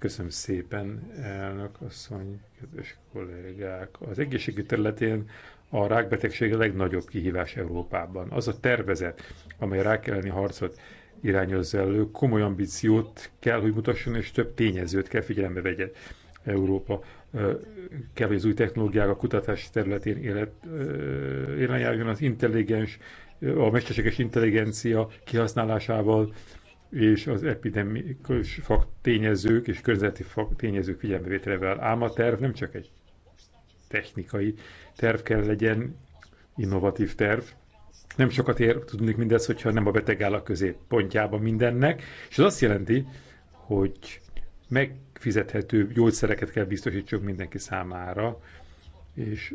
Köszönöm szépen, elnök asszony, kedves kollégák. Az egészségügy területén a rákbetegség a legnagyobb kihívás Európában. Az a tervezet, amely a rák elleni harcot irányozza elő, komoly ambíciót kell, hogy mutasson, és több tényezőt kell figyelembe vegye. Európa kell, hogy az új technológiák a kutatás területén élet, élen az intelligens, a mesterséges intelligencia kihasználásával, és az epidemikus tényezők és környezeti tényezők figyelmevételével. Ám a terv nem csak egy technikai terv kell legyen, innovatív terv. Nem sokat ér tudnék mindez, hogyha nem a beteg áll a középpontjában mindennek, és ez azt jelenti, hogy megfizethető gyógyszereket kell biztosítsunk mindenki számára, és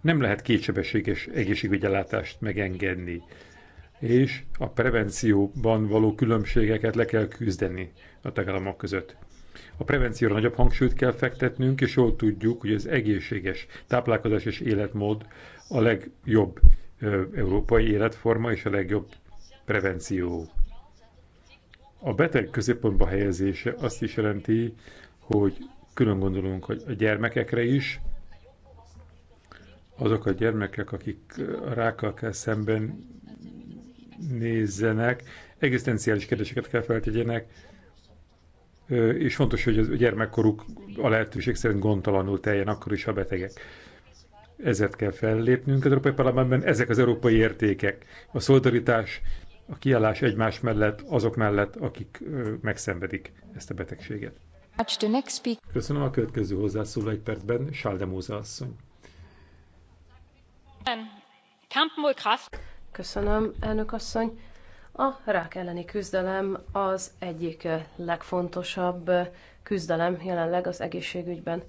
nem lehet kétsebességes egészségügyellátást megengedni és a prevencióban való különbségeket le kell küzdeni a tagállamok között. A prevencióra nagyobb hangsúlyt kell fektetnünk, és jól tudjuk, hogy az egészséges táplálkozás és életmód a legjobb európai életforma és a legjobb prevenció. A beteg középpontba helyezése azt is jelenti, hogy külön gondolunk hogy a gyermekekre is, azok a gyermekek, akik a rákkal kell szemben nézzenek, egzisztenciális kérdéseket kell feltegyenek, és fontos, hogy a gyermekkoruk a lehetőség szerint gondtalanul teljen, akkor is, a betegek. Ezért kell fellépnünk az Európai Parlamentben, ezek az európai értékek. A szolidaritás, a kiállás egymás mellett, azok mellett, akik megszenvedik ezt a betegséget. Köszönöm a következő hozzászóló egy percben, Sáldemóza asszony. Köszönöm, elnök asszony. A rák elleni küzdelem az egyik legfontosabb küzdelem jelenleg az egészségügyben.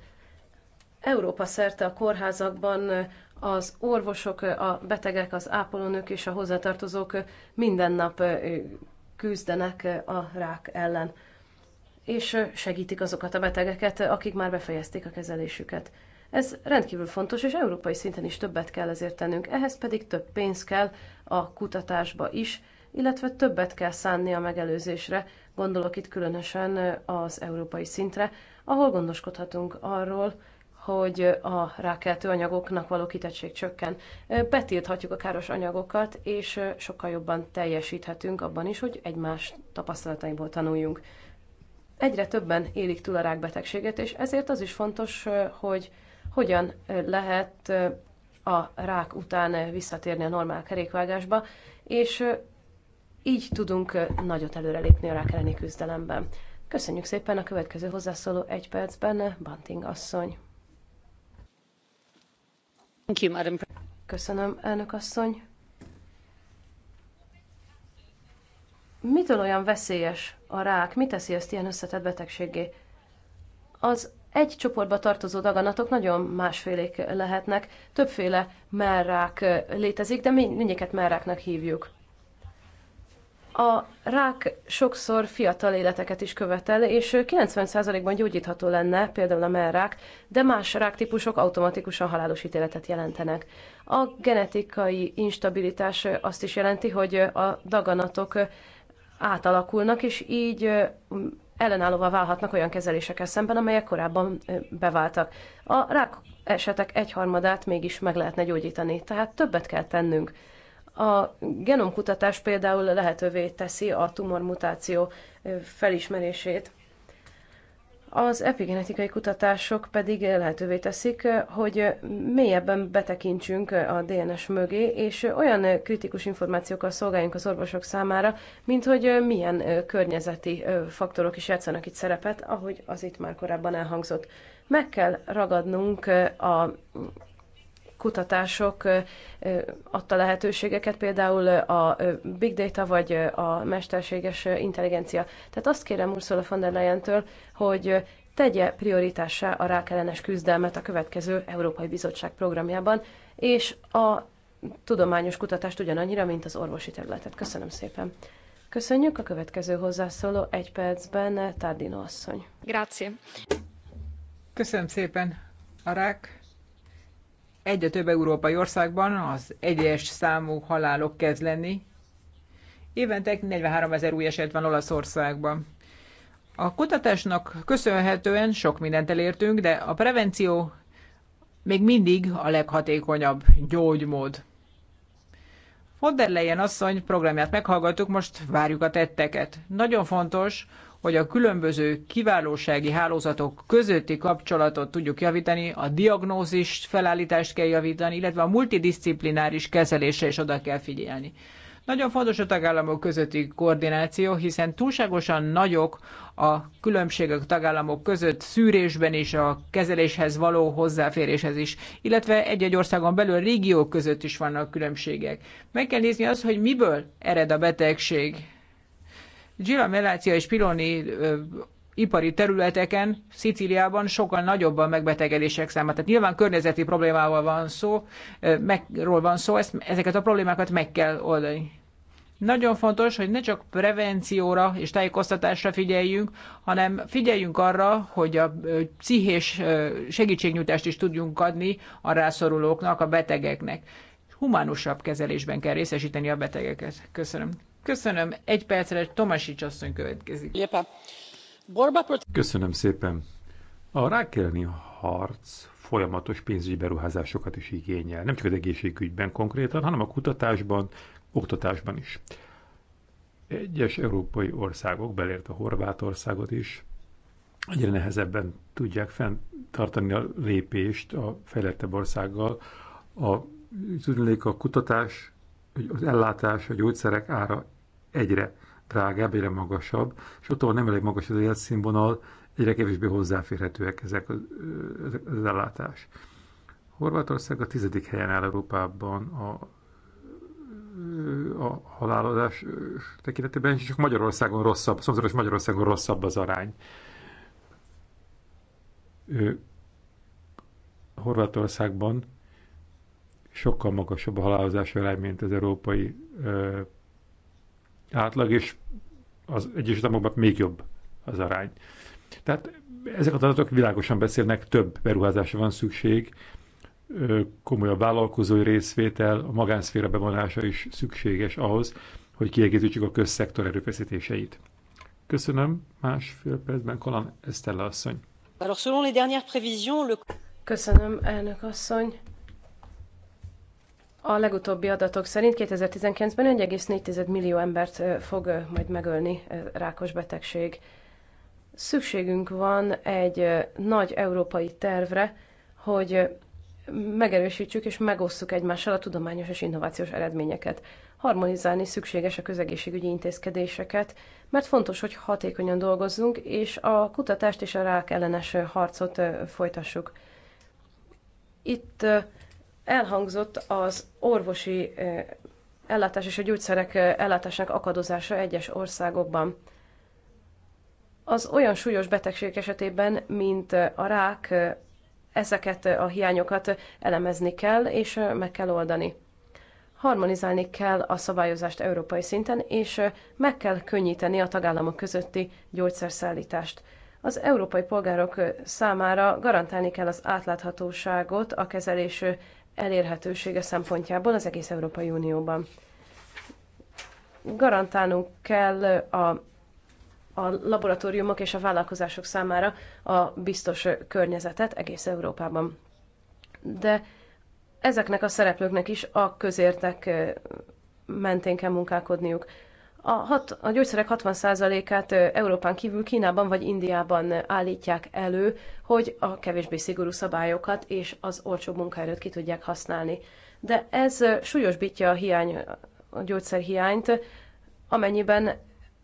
Európa szerte a kórházakban az orvosok, a betegek, az ápolónők és a hozzátartozók minden nap küzdenek a rák ellen, és segítik azokat a betegeket, akik már befejezték a kezelésüket. Ez rendkívül fontos, és európai szinten is többet kell ezért tennünk. Ehhez pedig több pénz kell a kutatásba is, illetve többet kell szánni a megelőzésre, gondolok itt különösen az európai szintre, ahol gondoskodhatunk arról, hogy a rákeltő anyagoknak való kitettség csökken. Betilthatjuk a káros anyagokat, és sokkal jobban teljesíthetünk abban is, hogy egymás tapasztalataiból tanuljunk. Egyre többen élik túl a rákbetegséget, és ezért az is fontos, hogy hogyan lehet a rák után visszatérni a normál kerékvágásba, és így tudunk nagyot előrelépni a rák elleni küzdelemben. Köszönjük szépen a következő hozzászóló egy percben, Banting asszony. Köszönöm, elnök asszony. Mitől olyan veszélyes a rák? Mi teszi ezt ilyen összetett betegségé? Az egy csoportba tartozó daganatok nagyon másfélék lehetnek, többféle merrák létezik, de mindegyiket merráknak hívjuk. A rák sokszor fiatal életeket is követel, és 90%-ban gyógyítható lenne, például a merrák, de más ráktípusok automatikusan halálos ítéletet jelentenek. A genetikai instabilitás azt is jelenti, hogy a daganatok átalakulnak, és így ellenállóvá válhatnak olyan kezelésekkel szemben, amelyek korábban beváltak. A rák esetek egyharmadát mégis meg lehetne gyógyítani, tehát többet kell tennünk. A genomkutatás például lehetővé teszi a tumormutáció felismerését, az epigenetikai kutatások pedig lehetővé teszik, hogy mélyebben betekintsünk a DNS mögé, és olyan kritikus információkkal szolgáljunk az orvosok számára, mint hogy milyen környezeti faktorok is játszanak itt szerepet, ahogy az itt már korábban elhangzott. Meg kell ragadnunk a kutatások adta lehetőségeket, például a big data vagy a mesterséges intelligencia. Tehát azt kérem Ursula von der Leyen-től, hogy tegye prioritássá a rákellenes küzdelmet a következő Európai Bizottság programjában, és a tudományos kutatást ugyanannyira, mint az orvosi területet. Köszönöm szépen. Köszönjük a következő hozzászóló egy percben Tardino asszony. Grazie. Köszönöm szépen. A rák egyre több európai országban az egyes számú halálok kezd lenni. Évente 43 ezer új eset van Olaszországban. A kutatásnak köszönhetően sok mindent elértünk, de a prevenció még mindig a leghatékonyabb gyógymód. Von der Leyen asszony programját meghallgattuk, most várjuk a tetteket. Nagyon fontos, hogy a különböző kiválósági hálózatok közötti kapcsolatot tudjuk javítani, a diagnózis felállítást kell javítani, illetve a multidisziplináris kezelésre is oda kell figyelni. Nagyon fontos a tagállamok közötti koordináció, hiszen túlságosan nagyok a különbségek tagállamok között szűrésben és a kezeléshez való hozzáféréshez is, illetve egy-egy országon belül régiók között is vannak különbségek. Meg kell nézni azt, hogy miből ered a betegség. Gila Melácia és Piloni ipari területeken, Szicíliában sokkal nagyobb a megbetegedések száma. Tehát nyilván környezeti problémával van szó, megról van szó, ezt, ezeket a problémákat meg kell oldani. Nagyon fontos, hogy ne csak prevencióra és tájékoztatásra figyeljünk, hanem figyeljünk arra, hogy a pszichés segítségnyújtást is tudjunk adni a rászorulóknak, a betegeknek. Humánusabb kezelésben kell részesíteni a betegeket. Köszönöm. Köszönöm. Egy percre Tomasics asszony következik. Köszönöm szépen. A rákelni harc folyamatos pénzügyi beruházásokat is igényel. Nem csak az egészségügyben konkrétan, hanem a kutatásban, oktatásban is. Egyes európai országok, a Horvátországot is, egyre nehezebben tudják fenntartani a lépést a fejlettebb országgal. A, a kutatás hogy az ellátás, a gyógyszerek ára egyre drágább, egyre magasabb, és ott, ahol nem elég magas az életszínvonal, egyre kevésbé hozzáférhetőek ezek az, az ellátás. Horvátország a tizedik helyen áll Európában a, a halálozás tekintetében, és csak Magyarországon rosszabb, szomszédos Magyarországon rosszabb az arány. Horvátországban sokkal magasabb a halálozási arány, mint az európai ö, átlag, és az Egyesült Államokban még jobb az arány. Tehát ezek a adatok világosan beszélnek, több beruházásra van szükség, ö, komolyabb vállalkozói részvétel, a magánszféra bevonása is szükséges ahhoz, hogy kiegészítsük a közszektor erőfeszítéseit. Köszönöm. Másfél percben Kalan Esztella asszony. Köszönöm, elnök asszony. A legutóbbi adatok szerint 2019-ben 1,4 millió embert fog majd megölni rákos betegség. Szükségünk van egy nagy európai tervre, hogy megerősítsük és megosszuk egymással a tudományos és innovációs eredményeket. Harmonizálni szükséges a közegészségügyi intézkedéseket, mert fontos, hogy hatékonyan dolgozzunk, és a kutatást és a rák ellenes harcot folytassuk. Itt elhangzott az orvosi eh, ellátás és a gyógyszerek eh, ellátásának akadozása egyes országokban. Az olyan súlyos betegségek esetében, mint eh, a rák, ezeket a hiányokat elemezni kell és meg kell oldani. Harmonizálni kell a szabályozást európai szinten, és meg kell könnyíteni a tagállamok közötti gyógyszerszállítást. Az európai polgárok számára garantálni kell az átláthatóságot a kezelés elérhetősége szempontjából az egész Európai Unióban. Garantálnunk kell a, a laboratóriumok és a vállalkozások számára a biztos környezetet egész Európában. De ezeknek a szereplőknek is a közértek mentén kell munkálkodniuk. A, hat, a gyógyszerek 60%-át Európán kívül Kínában vagy Indiában állítják elő, hogy a kevésbé szigorú szabályokat és az olcsó munkaerőt ki tudják használni. De ez súlyosbítja a, hiány, a gyógyszerhiányt, amennyiben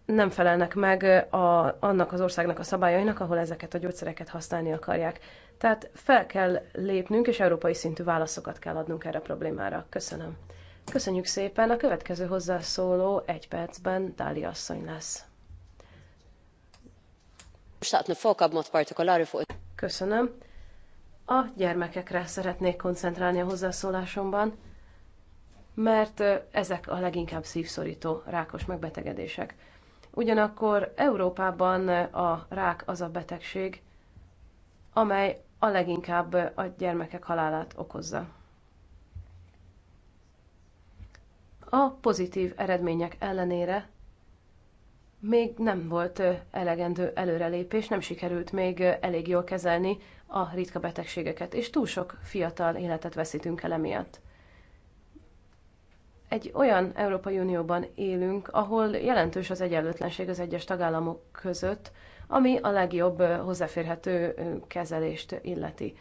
nem felelnek meg a, annak az országnak a szabályainak, ahol ezeket a gyógyszereket használni akarják. Tehát fel kell lépnünk, és európai szintű válaszokat kell adnunk erre a problémára. Köszönöm. Köszönjük szépen. A következő hozzászóló egy percben Dáli asszony lesz. Köszönöm. A gyermekekre szeretnék koncentrálni a hozzászólásomban, mert ezek a leginkább szívszorító rákos megbetegedések. Ugyanakkor Európában a rák az a betegség, amely a leginkább a gyermekek halálát okozza. A pozitív eredmények ellenére még nem volt elegendő előrelépés, nem sikerült még elég jól kezelni a ritka betegségeket, és túl sok fiatal életet veszítünk el emiatt. Egy olyan Európai Unióban élünk, ahol jelentős az egyenlőtlenség az egyes tagállamok között, ami a legjobb hozzáférhető kezelést illeti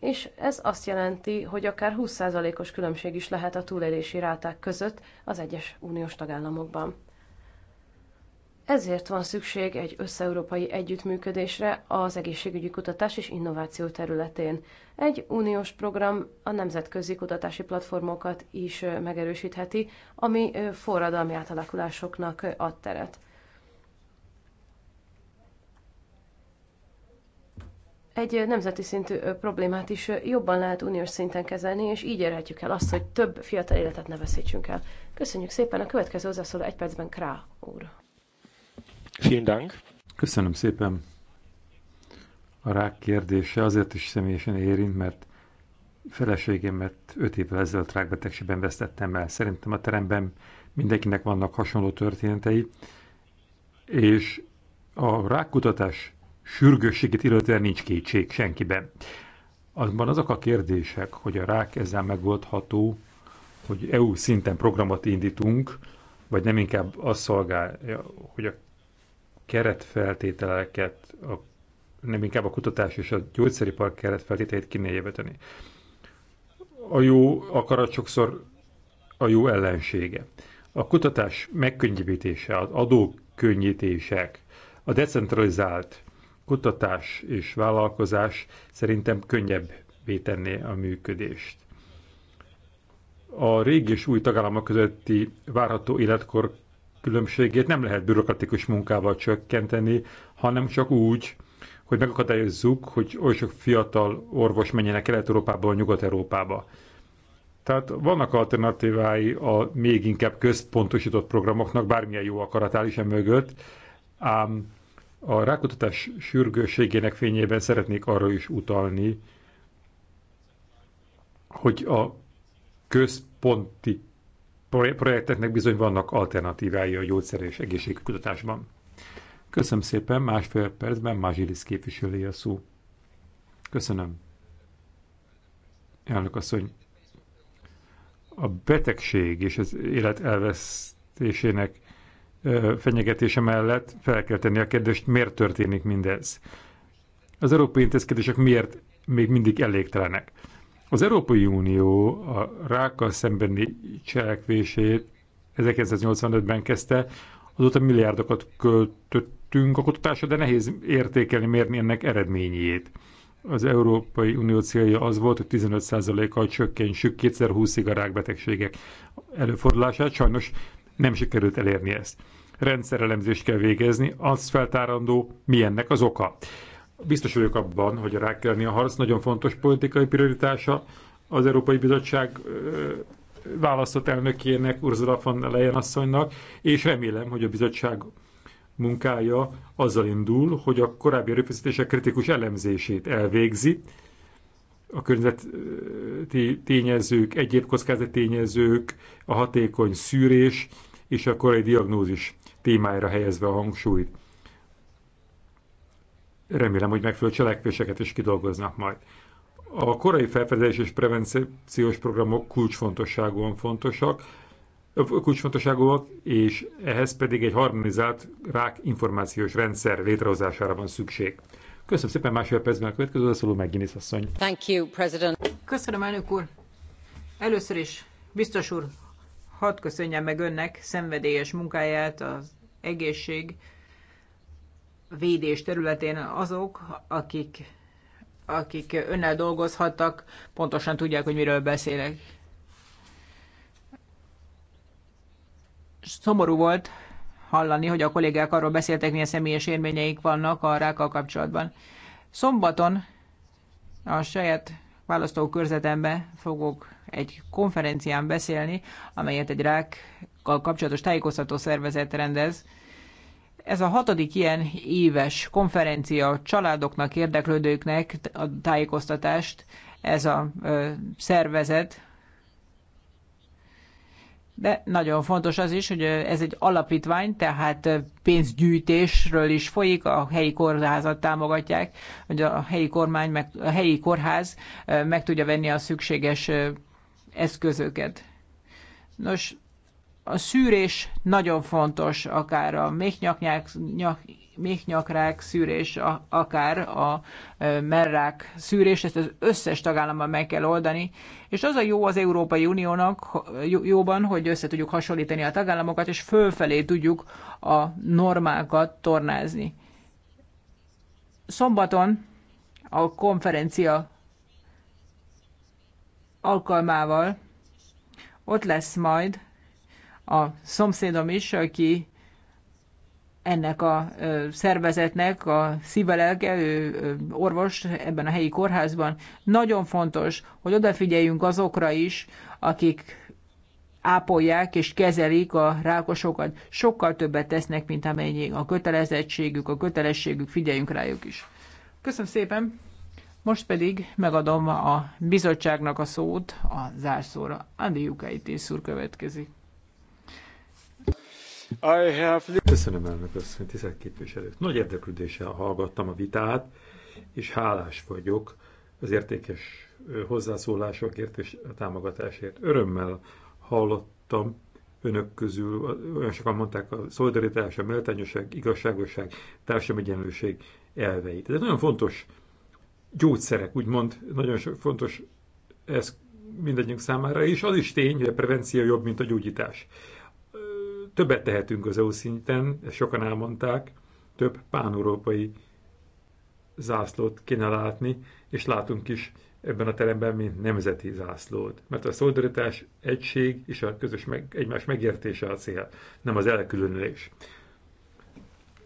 és ez azt jelenti, hogy akár 20%-os különbség is lehet a túlélési ráták között az egyes uniós tagállamokban. Ezért van szükség egy összeurópai együttműködésre az egészségügyi kutatás és innováció területén. Egy uniós program a nemzetközi kutatási platformokat is megerősítheti, ami forradalmi átalakulásoknak ad teret. egy nemzeti szintű problémát is jobban lehet uniós szinten kezelni, és így érhetjük el azt, hogy több fiatal életet ne veszítsünk el. Köszönjük szépen, a következő hozzászóló egy percben Krá úr. Vielen Dank. Köszönöm szépen. A rák kérdése azért is személyesen érint, mert feleségemet 5 évvel ezelőtt rákbetegségben vesztettem el. Szerintem a teremben mindenkinek vannak hasonló történetei, és a rákkutatás sürgősségét illetően nincs kétség senkiben. Azban azok a kérdések, hogy a rák ezzel megoldható, hogy EU szinten programot indítunk, vagy nem inkább azt szolgálja, hogy a keretfeltételeket, a, nem inkább a kutatás és a gyógyszeripar keretfeltételeit kéne javítani. A jó akarat sokszor a jó ellensége. A kutatás megkönnyítése, az adókönnyítések, a decentralizált kutatás és vállalkozás szerintem könnyebbé tenné a működést. A régi és új tagállamok közötti várható életkor különbségét nem lehet bürokratikus munkával csökkenteni, hanem csak úgy, hogy megakadályozzuk, hogy oly sok fiatal orvos menjenek kelet európába Nyugat-Európába. Tehát vannak alternatívái a még inkább központosított programoknak, bármilyen jó akarat is e mögött, ám a rákutatás sürgőségének fényében szeretnék arra is utalni, hogy a központi projekteknek bizony vannak alternatívái a gyógyszer és egészségkutatásban. Köszönöm szépen, másfél percben Mázsilisz képviselője a szó. Köszönöm. Elnök asszony, a betegség és az élet elvesztésének fenyegetése mellett fel kell tenni a kérdést, miért történik mindez. Az európai intézkedések miért még mindig elégtelenek. Az Európai Unió a rákkal szembeni cselekvését 1985-ben kezdte, azóta milliárdokat költöttünk a kutatásra, de nehéz értékelni, mérni ennek eredményét. Az Európai Unió célja az volt, hogy 15%-kal csökkentsük 2020-ig a rákbetegségek előfordulását. Sajnos nem sikerült elérni ezt. Rendszerelemzést kell végezni, az feltárandó, mi ennek az oka. Biztos vagyok abban, hogy a rákkelni a harc nagyon fontos politikai prioritása az Európai Bizottság választott elnökének, Ursula von Leyen asszonynak, és remélem, hogy a bizottság munkája azzal indul, hogy a korábbi erőfeszítések kritikus elemzését elvégzi, a környezeti tényezők, egyéb kockázati tényezők, a hatékony szűrés és a korai diagnózis témájára helyezve a hangsúlyt. Remélem, hogy megfelelő cselekvéseket is kidolgoznak majd. A korai felfedezés és prevenciós programok kulcsfontosságúan fontosak, kulcsfontosságúak, és ehhez pedig egy harmonizált rák információs rendszer létrehozására van szükség. Köszönöm szépen, másfél percben a következő szóló McGuinness asszony. Thank you, President. Köszönöm, elnök úr. Először is, biztos úr, hadd köszönjem meg önnek szenvedélyes munkáját az egészség védés területén azok, akik, akik önnel dolgozhattak, pontosan tudják, hogy miről beszélek. Szomorú volt hallani, hogy a kollégák arról beszéltek, milyen személyes élményeik vannak a rákkal kapcsolatban. Szombaton a saját választókörzetembe fogok egy konferencián beszélni, amelyet egy rákkal kapcsolatos tájékoztató szervezet rendez. Ez a hatodik ilyen éves konferencia családoknak, érdeklődőknek a tájékoztatást, ez a ö, szervezet de nagyon fontos az is, hogy ez egy alapítvány, tehát pénzgyűjtésről is folyik, a helyi kórházat támogatják, hogy a helyi kormány, meg, a helyi kórház meg tudja venni a szükséges eszközöket. Nos, a szűrés nagyon fontos, akár a méhnyaknyák, nyak, méhnyakrák szűrés, a, akár a merrák szűrés, ezt az összes tagállamban meg kell oldani. És az a jó az Európai Uniónak jóban, hogy össze tudjuk hasonlítani a tagállamokat, és fölfelé tudjuk a normákat tornázni. Szombaton a konferencia alkalmával ott lesz majd a szomszédom is, aki ennek a szervezetnek a szívelelke, ő orvos ebben a helyi kórházban. Nagyon fontos, hogy odafigyeljünk azokra is, akik ápolják és kezelik a rákosokat. Sokkal többet tesznek, mint amennyi a kötelezettségük, a kötelességük, figyeljünk rájuk is. Köszönöm szépen! Most pedig megadom a bizottságnak a szót a zárszóra. Andi Jukaitis úr következik. Köszönöm elnök asszony, tisztelt képviselők. Nagy érdeklődéssel hallgattam a vitát, és hálás vagyok az értékes hozzászólásokért és a támogatásért. Örömmel hallottam önök közül, olyan sokan mondták a szolidaritás, a méltányosság, igazságosság, társadalmi egyenlőség elveit. Ez nagyon fontos gyógyszerek, úgymond nagyon fontos ez mindegyünk számára, és az is tény, hogy a prevenció jobb, mint a gyógyítás. Többet tehetünk az EU szinten, ezt sokan elmondták, több pán-európai zászlót kéne látni, és látunk is ebben a teremben, mint nemzeti zászlót. Mert a szolidaritás, egység és a közös meg, egymás megértése a cél, nem az elkülönülés.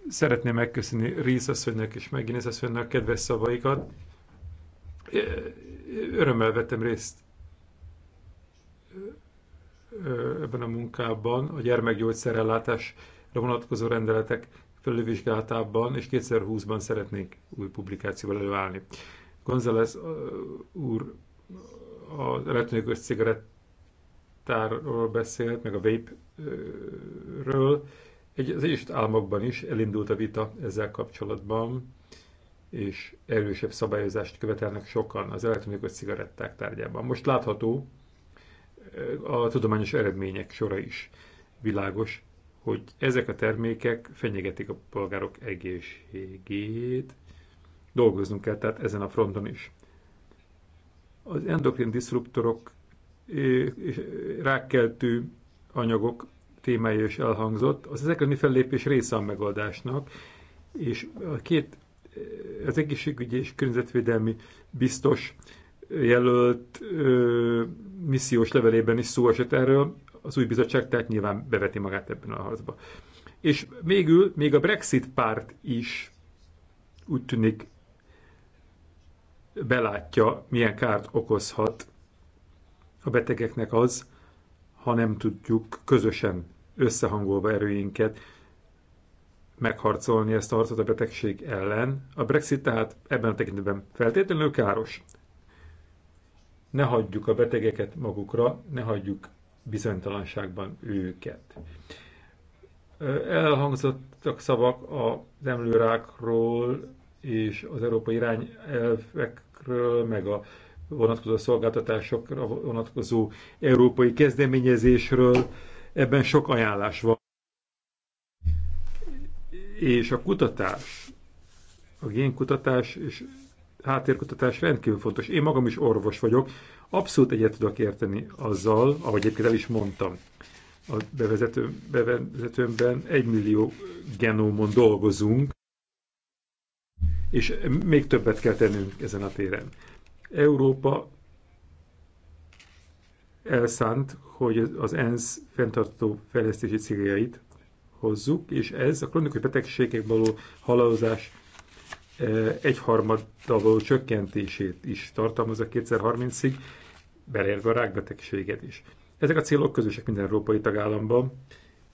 Szeretném megköszönni Rész asszonynak és Megines asszonynak kedves szavaikat. Örömmel vettem részt ebben a munkában a gyermekgyógyszerellátásra vonatkozó rendeletek felülvizsgálatában, és 2020-ban szeretnénk új publikációval előállni. González úr az elektronikus cigarettáról beszélt, meg a vape-ről. Egy, az Egyesült Államokban is elindult a vita ezzel kapcsolatban, és erősebb szabályozást követelnek sokan az elektronikus cigaretták tárgyában. Most látható, a tudományos eredmények sora is világos, hogy ezek a termékek fenyegetik a polgárok egészségét. Dolgoznunk kell tehát ezen a fronton is. Az endokrin diszruptorok és rákkeltő anyagok témája is elhangzott. Az ezek mi fellépés része a megoldásnak, és a két eh, az egészségügyi és környezetvédelmi biztos jelölt ö, missziós levelében is szó esett erről, az új bizottság tehát nyilván beveti magát ebben a harcba. És végül még a Brexit párt is úgy tűnik belátja, milyen kárt okozhat a betegeknek az, ha nem tudjuk közösen összehangolva erőinket megharcolni ezt a harcot a betegség ellen. A Brexit tehát ebben a tekintetben feltétlenül káros ne hagyjuk a betegeket magukra, ne hagyjuk bizonytalanságban őket. Elhangzottak szavak az emlőrákról és az európai irányelvekről, meg a vonatkozó szolgáltatásokra vonatkozó európai kezdeményezésről. Ebben sok ajánlás van. És a kutatás, a génkutatás és háttérkutatás rendkívül fontos. Én magam is orvos vagyok, abszolút egyet tudok érteni azzal, ahogy egyébként el is mondtam a bevezető, bevezetőmben, egy millió genómon dolgozunk, és még többet kell tennünk ezen a téren. Európa elszánt, hogy az ENSZ fenntartó fejlesztési céljait hozzuk, és ez a kronikus betegségek való halálozás egyharmaddal való csökkentését is tartalmazza 2030-ig, beleértve a rákbetegséget is. Ezek a célok közösek minden európai tagállamban,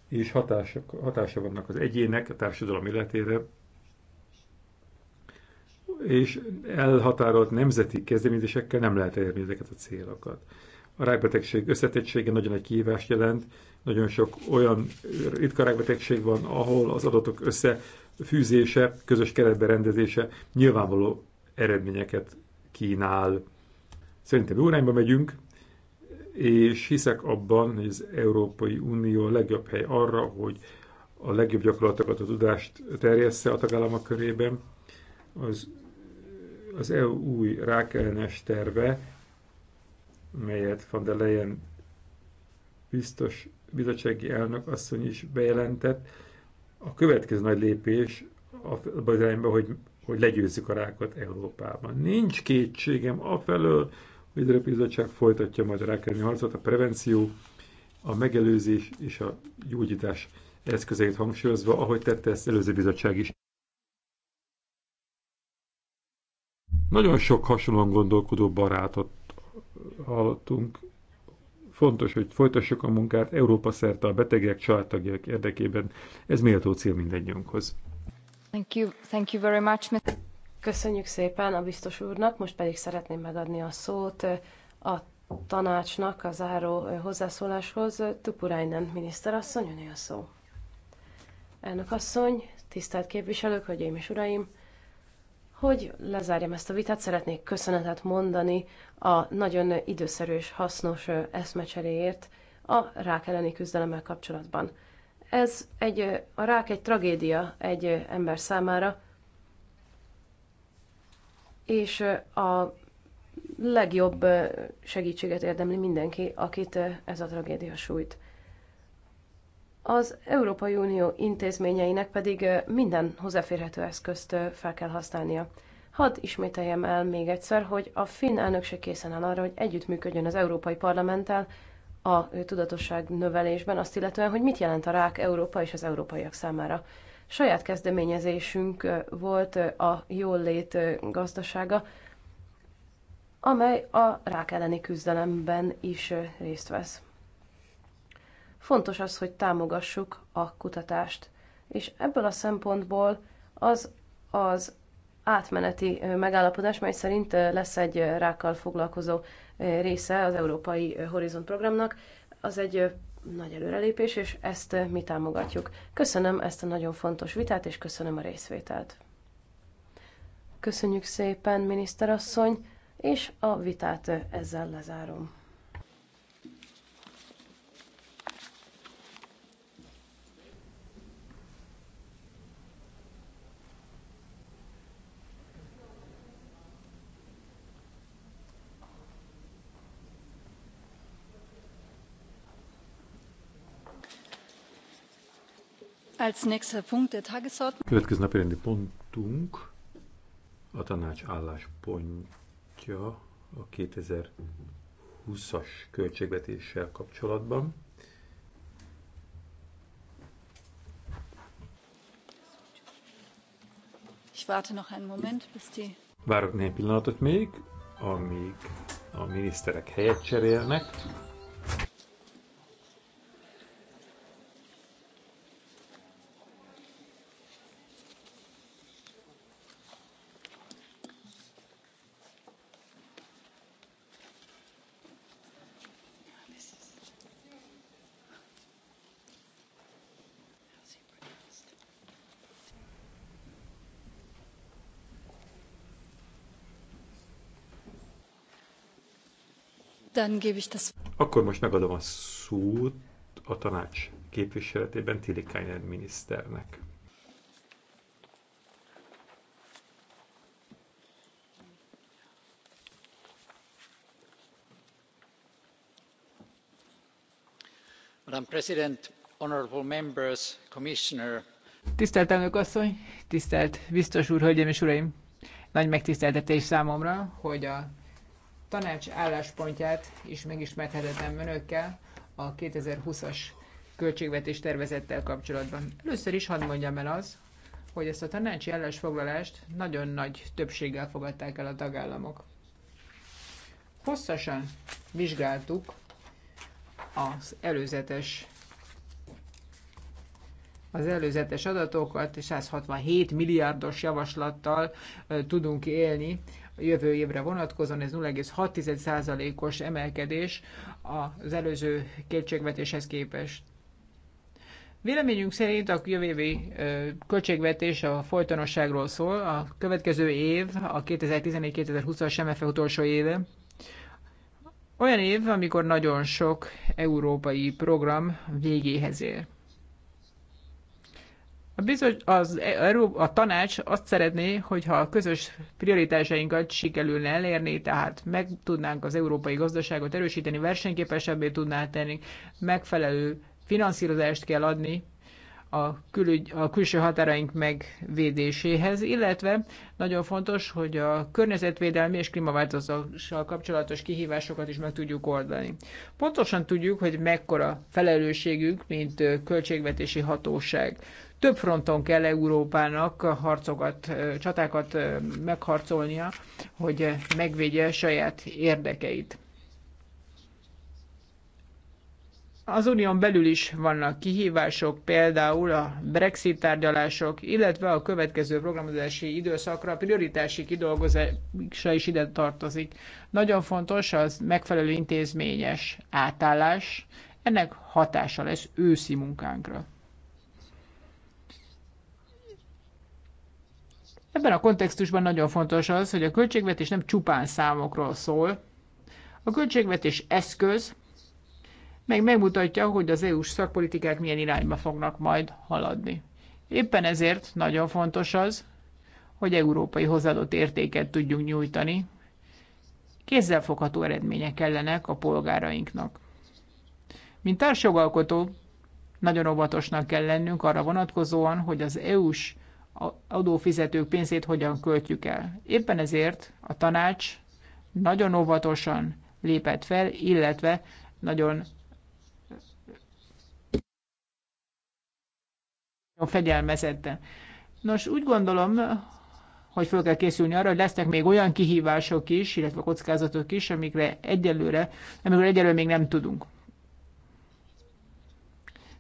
és hatások, hatása vannak az egyének, a társadalom életére, és elhatárolt nemzeti kezdeményezésekkel nem lehet elérni ezeket a célokat. A rákbetegség összetettsége nagyon nagy kihívást jelent, nagyon sok olyan ritka rákbetegség van, ahol az adatok össze fűzése, közös keretbe rendezése nyilvánvaló eredményeket kínál. Szerintem jó irányba megyünk, és hiszek abban, hogy az Európai Unió a legjobb hely arra, hogy a legjobb gyakorlatokat, a tudást terjessze a tagállamok körében. Az, az EU új rákellenes terve, melyet van der Leyen biztos bizottsági elnök asszony is bejelentett, a következő nagy lépés abban az irányban, hogy, hogy legyőzzük a rákot Európában. Nincs kétségem afelől, hogy az Bizottság folytatja majd a rákelni harcot, a prevenció, a megelőzés és a gyógyítás eszközeit hangsúlyozva, ahogy tette ezt előző bizottság is. Nagyon sok hasonlóan gondolkodó barátot hallottunk Fontos, hogy folytassuk a munkát Európa szerte a betegek, családtagjaik érdekében. Ez méltó cél mindennyiunkhoz. Thank you. Thank you very much. Mr. Köszönjük szépen a biztos úrnak, most pedig szeretném megadni a szót a tanácsnak a záró hozzászóláshoz. Tupurainen miniszterasszony, öné a szó. Elnök asszony, tisztelt képviselők, hölgyeim és uraim! Hogy lezárjam ezt a vitát, szeretnék köszönetet mondani a nagyon időszerű és hasznos eszmecseréért a rák elleni küzdelemmel kapcsolatban. Ez egy, a rák egy tragédia egy ember számára, és a legjobb segítséget érdemli mindenki, akit ez a tragédia sújt az Európai Unió intézményeinek pedig minden hozzáférhető eszközt fel kell használnia. Hadd ismételjem el még egyszer, hogy a finn elnökség készen áll arra, hogy együttműködjön az Európai Parlamenttel a tudatosság növelésben, azt illetően, hogy mit jelent a rák Európa és az európaiak számára. Saját kezdeményezésünk volt a jól lét gazdasága, amely a rák elleni küzdelemben is részt vesz fontos az, hogy támogassuk a kutatást. És ebből a szempontból az az átmeneti megállapodás, mely szerint lesz egy rákkal foglalkozó része az Európai Horizont programnak, az egy nagy előrelépés, és ezt mi támogatjuk. Köszönöm ezt a nagyon fontos vitát, és köszönöm a részvételt. Köszönjük szépen, miniszterasszony, és a vitát ezzel lezárom. Következő napi rendi pontunk a tanács álláspontja a 2020-as költségvetéssel kapcsolatban. Ich warte noch einen Moment, bis die... Várok néhány pillanatot még, amíg a miniszterek helyet cserélnek. Dann gebe ich das... Akkor most megadom a szót a tanács képviseletében Tilikainen miniszternek. Madam President, honorable members, commissioner. Tisztelt elnök asszony, tisztelt biztos úr, hölgyeim és uraim! Nagy megtiszteltetés számomra, hogy a tanács álláspontját is megismerhetetlen önökkel a 2020-as költségvetés tervezettel kapcsolatban. Először is hadd mondjam el az, hogy ezt a tanácsi állásfoglalást nagyon nagy többséggel fogadták el a tagállamok. Hosszasan vizsgáltuk az előzetes az előzetes adatokat, 167 milliárdos javaslattal tudunk élni jövő évre vonatkozóan, ez 0,6%-os emelkedés az előző költségvetéshez képest. Véleményünk szerint a évi költségvetés a folytonosságról szól. A következő év, a 2014-2020-as MFE utolsó éve, olyan év, amikor nagyon sok európai program végéhez ér. A, bizony, az, a tanács azt szeretné, hogyha a közös prioritásainkat sikerülne elérni, tehát meg tudnánk az európai gazdaságot erősíteni, versenyképesebbé tudná tenni, megfelelő finanszírozást kell adni a, külügy, a külső határaink megvédéséhez, illetve nagyon fontos, hogy a környezetvédelmi és klímaváltozással kapcsolatos kihívásokat is meg tudjuk oldani. Pontosan tudjuk, hogy mekkora felelősségünk, mint költségvetési hatóság több fronton kell Európának harcokat, csatákat megharcolnia, hogy megvédje a saját érdekeit. Az unión belül is vannak kihívások, például a Brexit tárgyalások, illetve a következő programozási időszakra prioritási kidolgozása is ide tartozik. Nagyon fontos az megfelelő intézményes átállás, ennek hatása lesz őszi munkánkra. Ebben a kontextusban nagyon fontos az, hogy a költségvetés nem csupán számokról szól. A költségvetés eszköz, meg megmutatja, hogy az EU-s szakpolitikák milyen irányba fognak majd haladni. Éppen ezért nagyon fontos az, hogy európai hozzáadott értéket tudjunk nyújtani. Kézzelfogható eredmények kellenek a polgárainknak. Mint társjogalkotó, nagyon óvatosnak kell lennünk arra vonatkozóan, hogy az EU-s adófizetők pénzét hogyan költjük el. Éppen ezért a tanács nagyon óvatosan lépett fel, illetve nagyon fegyelmezette. Nos, úgy gondolom, hogy fel kell készülni arra, hogy lesznek még olyan kihívások is, illetve kockázatok is, amikre egyelőre, amikről egyelőre még nem tudunk.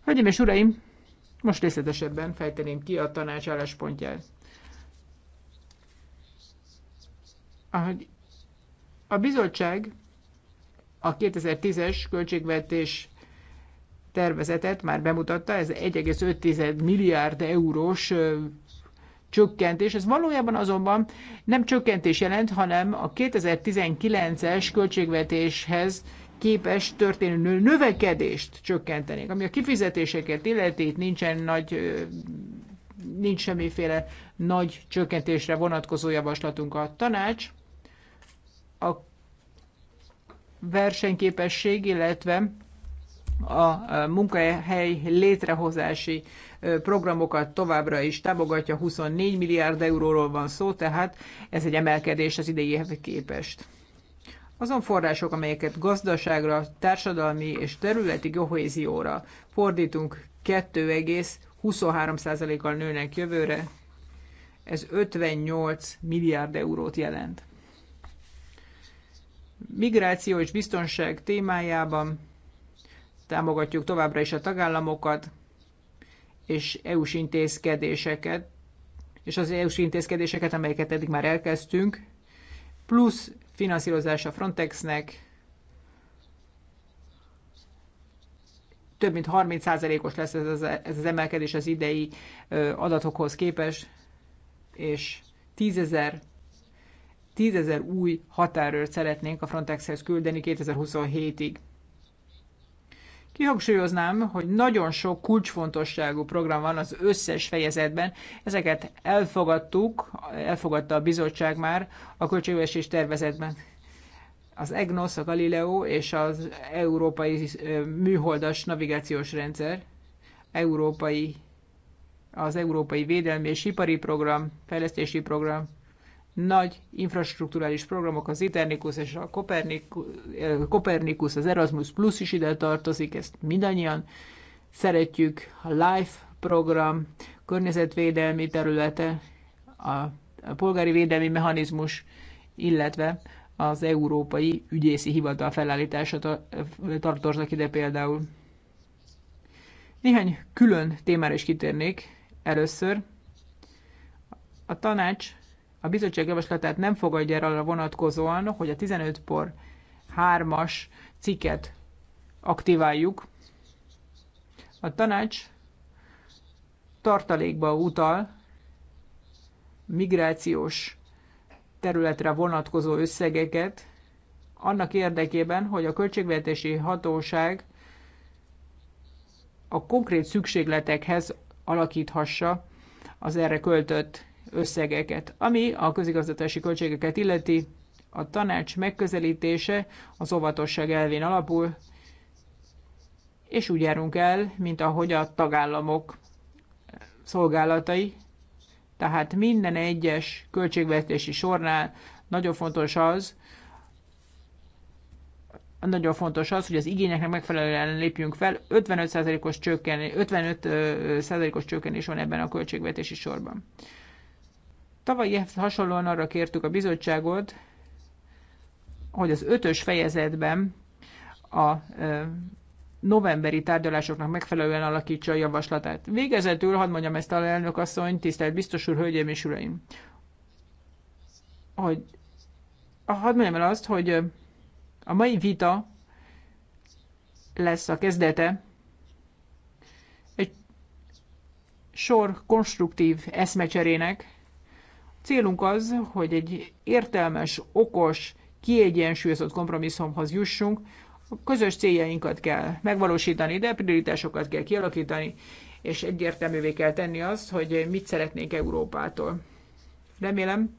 Hölgyeim és uraim, most részletesebben fejteném ki a tanács álláspontját. Ahogy a bizottság a 2010-es költségvetés tervezetet már bemutatta, ez 1,5 milliárd eurós csökkentés. Ez valójában azonban nem csökkentés jelent, hanem a 2019-es költségvetéshez képes történő növekedést csökkenteni, Ami a kifizetéseket illeti, itt nincsen nagy nincs semmiféle nagy csökkentésre vonatkozó javaslatunk a tanács. A versenyképesség, illetve a munkahely létrehozási programokat továbbra is támogatja, 24 milliárd euróról van szó, tehát ez egy emelkedés az idei évhez képest. Azon források, amelyeket gazdaságra, társadalmi és területi kohézióra fordítunk, 2,23%-kal nőnek jövőre, ez 58 milliárd eurót jelent. Migráció és biztonság témájában támogatjuk továbbra is a tagállamokat és EU-s intézkedéseket, és az EU-s intézkedéseket, amelyeket eddig már elkezdtünk, plusz finanszírozása Frontexnek több mint 30%-os lesz ez az, ez az emelkedés az idei adatokhoz képest, és 10.000 10 új határőrt szeretnénk a Frontexhez küldeni 2027-ig. Kihangsúlyoznám, hogy nagyon sok kulcsfontosságú program van az összes fejezetben. Ezeket elfogadtuk, elfogadta a bizottság már a költségvetés tervezetben. Az EGNOS, a Galileo és az Európai Műholdas Navigációs Rendszer, Európai, az Európai Védelmi és Ipari Program, Fejlesztési Program, nagy infrastruktúrális programok, az Iternikus és a Kopernikus, eh, az Erasmus Plus is ide tartozik, ezt mindannyian szeretjük, a LIFE program, környezetvédelmi területe, a polgári védelmi mechanizmus, illetve az Európai Ügyészi Hivatal felállítása eh, tartoznak ide például. Néhány külön témára is kitérnék először. A tanács a bizottság javaslatát nem fogadja el arra vonatkozóan, hogy a 15 por 3-as cikket aktiváljuk. A tanács tartalékba utal migrációs területre vonatkozó összegeket, annak érdekében, hogy a költségvetési hatóság a konkrét szükségletekhez alakíthassa az erre költött összegeket. Ami a közigazgatási költségeket illeti, a tanács megközelítése az óvatosság elvén alapul, és úgy járunk el, mint ahogy a tagállamok szolgálatai. Tehát minden egyes költségvetési sornál nagyon fontos az, nagyon fontos az, hogy az igényeknek megfelelően lépjünk fel. 55%-os csökkenés, 55%-os csökkenés van ebben a költségvetési sorban. Tavalyi hasonlóan arra kértük a bizottságot, hogy az ötös fejezetben a novemberi tárgyalásoknak megfelelően alakítsa a javaslatát. Végezetül, hadd mondjam ezt a elnök asszony, tisztelt biztos úr, hölgyeim és uraim, hogy hadd mondjam el azt, hogy a mai vita lesz a kezdete egy sor konstruktív eszmecserének, Célunk az, hogy egy értelmes, okos, kiegyensúlyozott kompromisszumhoz jussunk, a közös céljainkat kell megvalósítani, de prioritásokat kell kialakítani, és egyértelművé kell tenni azt, hogy mit szeretnénk Európától. Remélem,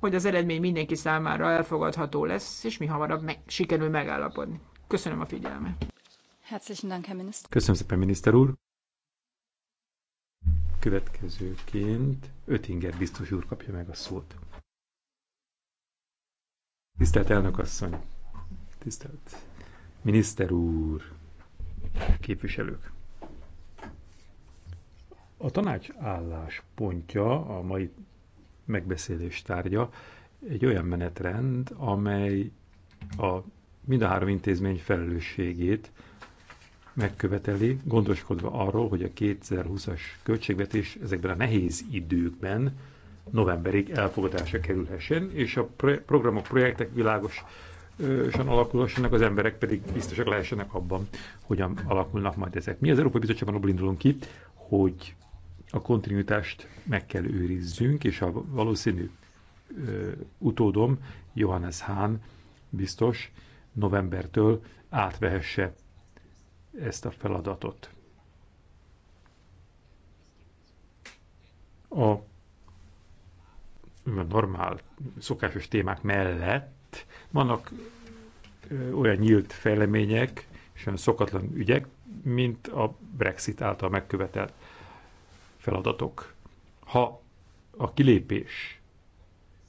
hogy az eredmény mindenki számára elfogadható lesz, és mi hamarabb meg, sikerül megállapodni. Köszönöm a figyelmet. Köszönöm szépen, miniszter úr. Következőként Ötinger biztos úr kapja meg a szót. Tisztelt asszony, tisztelt miniszter úr, képviselők. A tanács álláspontja, a mai megbeszélés tárgya egy olyan menetrend, amely a mind a három intézmény felelősségét megköveteli, gondoskodva arról, hogy a 2020-as költségvetés ezekben a nehéz időkben novemberig elfogadásra kerülhessen, és a programok, projektek világosan alakulhassanak, az emberek pedig biztosak lehessenek abban, hogyan alakulnak majd ezek. Mi az Európai Bizottságban abból indulunk ki, hogy a kontinuitást meg kell őrizzünk, és a valószínű ö, utódom, Johannes Hahn biztos novembertől átvehesse ezt a feladatot. A normál, szokásos témák mellett vannak olyan nyílt fejlemények, és olyan szokatlan ügyek, mint a Brexit által megkövetelt feladatok. Ha a kilépés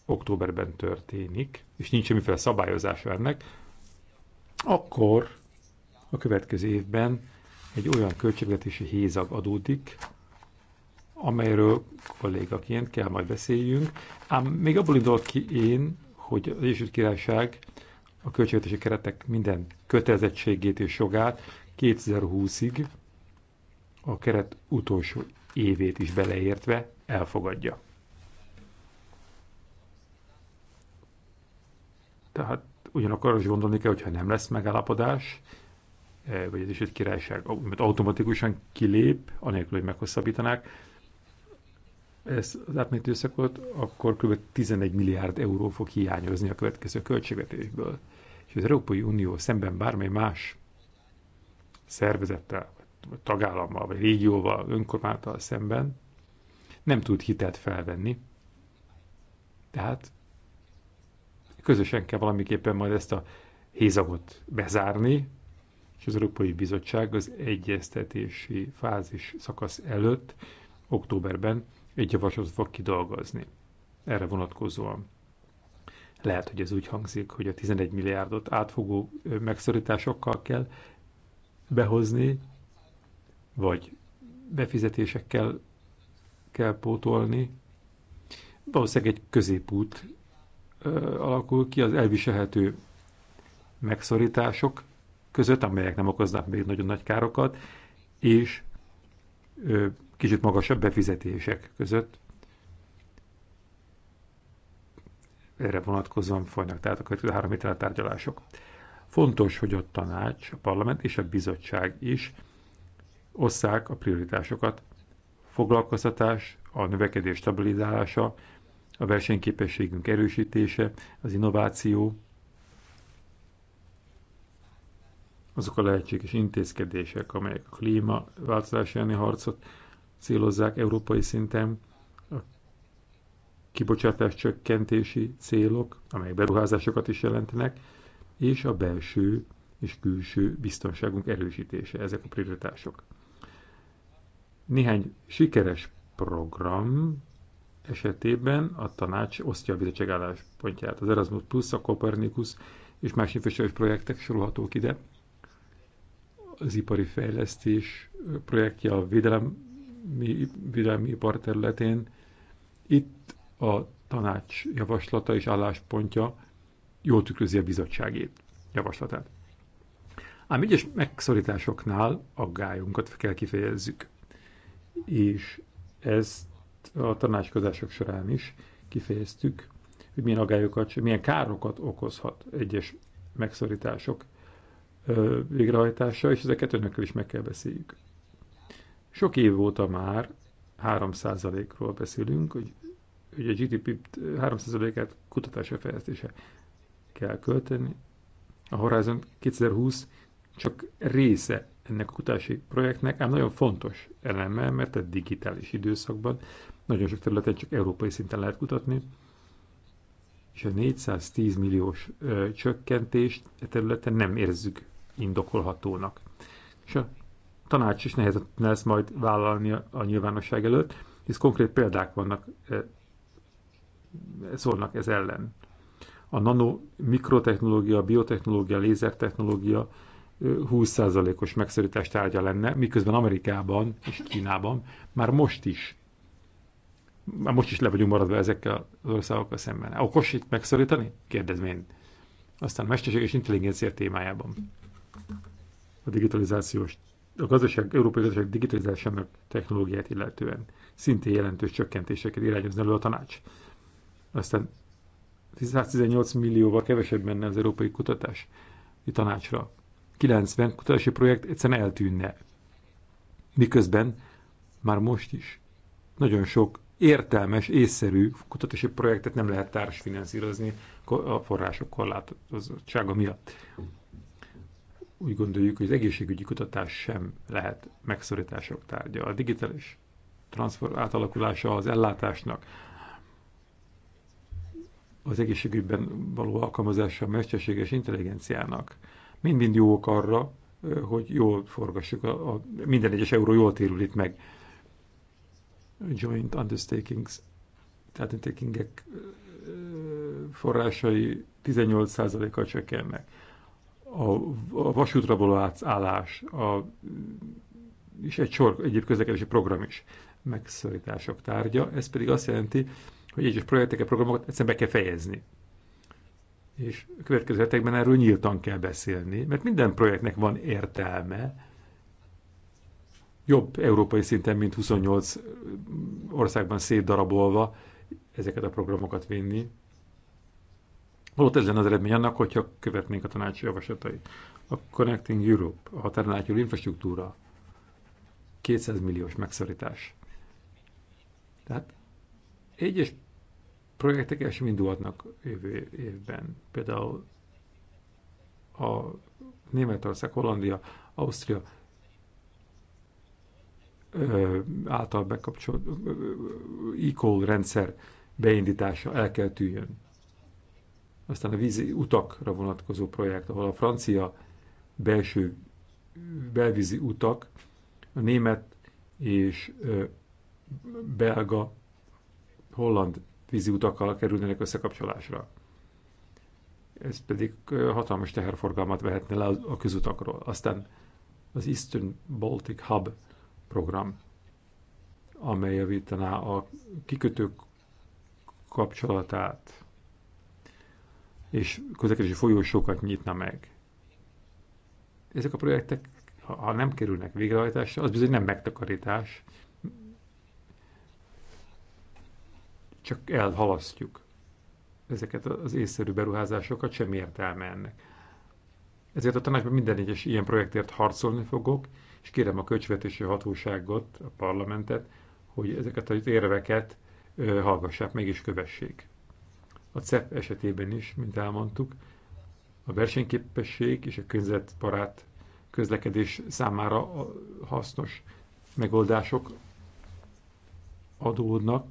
októberben történik, és nincs semmiféle szabályozása ennek, akkor a következő évben egy olyan költségvetési hézag adódik, amelyről kollégaként kell majd beszéljünk. Ám még abból indulok ki én, hogy az Egyesült Királyság a költségvetési keretek minden kötelezettségét és jogát 2020-ig a keret utolsó évét is beleértve elfogadja. Tehát ugyanakkor is gondolni kell, hogyha nem lesz megállapodás, Eh, vagy az Egyesült Királyság mert automatikusan kilép, anélkül, hogy meghosszabbítanák ezt az átmeneti időszakot, akkor kb. 11 milliárd euró fog hiányozni a következő költségvetésből. És az Európai Unió szemben bármely más szervezettel, vagy tagállammal, vagy régióval, önkormányzattal szemben nem tud hitelt felvenni. Tehát közösen kell valamiképpen majd ezt a hézagot bezárni, és az Európai Bizottság az egyeztetési fázis szakasz előtt októberben egy javaslatot fog kidolgozni. Erre vonatkozóan. Lehet, hogy ez úgy hangzik, hogy a 11 milliárdot átfogó megszorításokkal kell behozni, vagy befizetésekkel kell pótolni. Valószínűleg egy középút ö, alakul ki az elviselhető megszorítások között, amelyek nem okoznak még nagyon nagy károkat, és ö, kicsit magasabb befizetések között. Erre vonatkozóan folynak tehát a következő három héten tárgyalások. Fontos, hogy a tanács, a parlament és a bizottság is osszák a prioritásokat. Foglalkoztatás, a növekedés stabilizálása, a versenyképességünk erősítése, az innováció, azok a lehetséges intézkedések, amelyek a klímaváltozás elleni harcot célozzák európai szinten, a kibocsátás csökkentési célok, amelyek beruházásokat is jelentenek, és a belső és külső biztonságunk erősítése, ezek a prioritások. Néhány sikeres program esetében a tanács osztja a bizottság álláspontját. Az Erasmus Plus, a Copernicus és más infrastruktúrás projektek sorolhatók ide, az ipari fejlesztés projektje a védelmi, védelmi ipar területén. Itt a tanács javaslata és álláspontja jól tükrözi a bizottságét javaslatát. Ám egyes megszorításoknál aggályunkat kell kifejezzük, és ezt a tanácskozások során is kifejeztük, hogy milyen aggályokat, milyen károkat okozhat egyes megszorítások végrehajtása, és ezeket önökkel is meg kell beszéljük. Sok év óta már 3%-ról beszélünk, hogy, hogy a GDP 3%-át kutatása fejlesztése kell költeni. A Horizon 2020 csak része ennek a kutatási projektnek, ám nagyon fontos eleme, mert a digitális időszakban nagyon sok területen csak európai szinten lehet kutatni, és a 410 milliós ö, csökkentést e területen nem érzük indokolhatónak. És a tanács is nehezen lesz majd vállalni a nyilvánosság előtt, hisz konkrét példák vannak, e, szólnak ez ellen. A nano, mikrotechnológia, biotechnológia, lézertechnológia 20%-os e, megszorítás tárgya lenne, miközben Amerikában és Kínában már most is már most is le vagyunk maradva ezekkel az országokkal szemben. Okos itt megszorítani? Kérdezmény. Aztán a mesterség és intelligencia témájában a digitalizációs a gazdaság, európai gazdaság digitalizálásának technológiát illetően szintén jelentős csökkentéseket irányozni elő a tanács. Aztán 118 millióval kevesebb menne az európai kutatás tanácsra. 90 kutatási projekt egyszerűen eltűnne. Miközben már most is nagyon sok értelmes, észszerű kutatási projektet nem lehet társfinanszírozni a források korlátozottsága miatt úgy gondoljuk, hogy az egészségügyi kutatás sem lehet megszorítások tárgya. A digitális transfer átalakulása az ellátásnak, az egészségügyben való alkalmazása a mesterséges intelligenciának mind-mind ok arra, hogy jól forgassuk, a, a, minden egyes euró jól térül itt meg. Joint undertakings, tehát undertakingek forrásai 18%-kal csökkennek a, a vasútra való átállás, a, és egy sor egyéb közlekedési program is megszorítások tárgya. Ez pedig azt jelenti, hogy egyes projekteket, programokat egyszerűen be kell fejezni. És a következő hetekben erről nyíltan kell beszélni, mert minden projektnek van értelme, jobb európai szinten, mint 28 országban szétdarabolva ezeket a programokat vinni, Holott ez lenne az eredmény annak, hogyha követnénk a tanács javaslatait. A Connecting Europe, a határon infrastruktúra, 200 milliós megszorítás. Tehát egyes projektek el sem indulhatnak jövő évben. Például a Németország, Hollandia, Ausztria ö, által bekapcsolt ICO rendszer beindítása el kell tűjön. Aztán a vízi utakra vonatkozó projekt, ahol a francia belső belvízi utak, a német és belga, holland vízi utakkal kerülnének összekapcsolásra. Ez pedig hatalmas teherforgalmat vehetne le a közutakról. Aztán az Eastern Baltic Hub program, amely javítaná a kikötők kapcsolatát és közlekedési folyósokat nyitna meg. Ezek a projektek, ha nem kerülnek végrehajtásra, az bizony nem megtakarítás, csak elhalasztjuk ezeket az észszerű beruházásokat, semmi értelme ennek. Ezért a tanácsban minden egyes ilyen projektért harcolni fogok, és kérem a költségvetési hatóságot, a parlamentet, hogy ezeket az érveket hallgassák meg és kövessék. A CEP esetében is, mint elmondtuk, a versenyképesség és a környezetbarát közlekedés számára hasznos megoldások adódnak,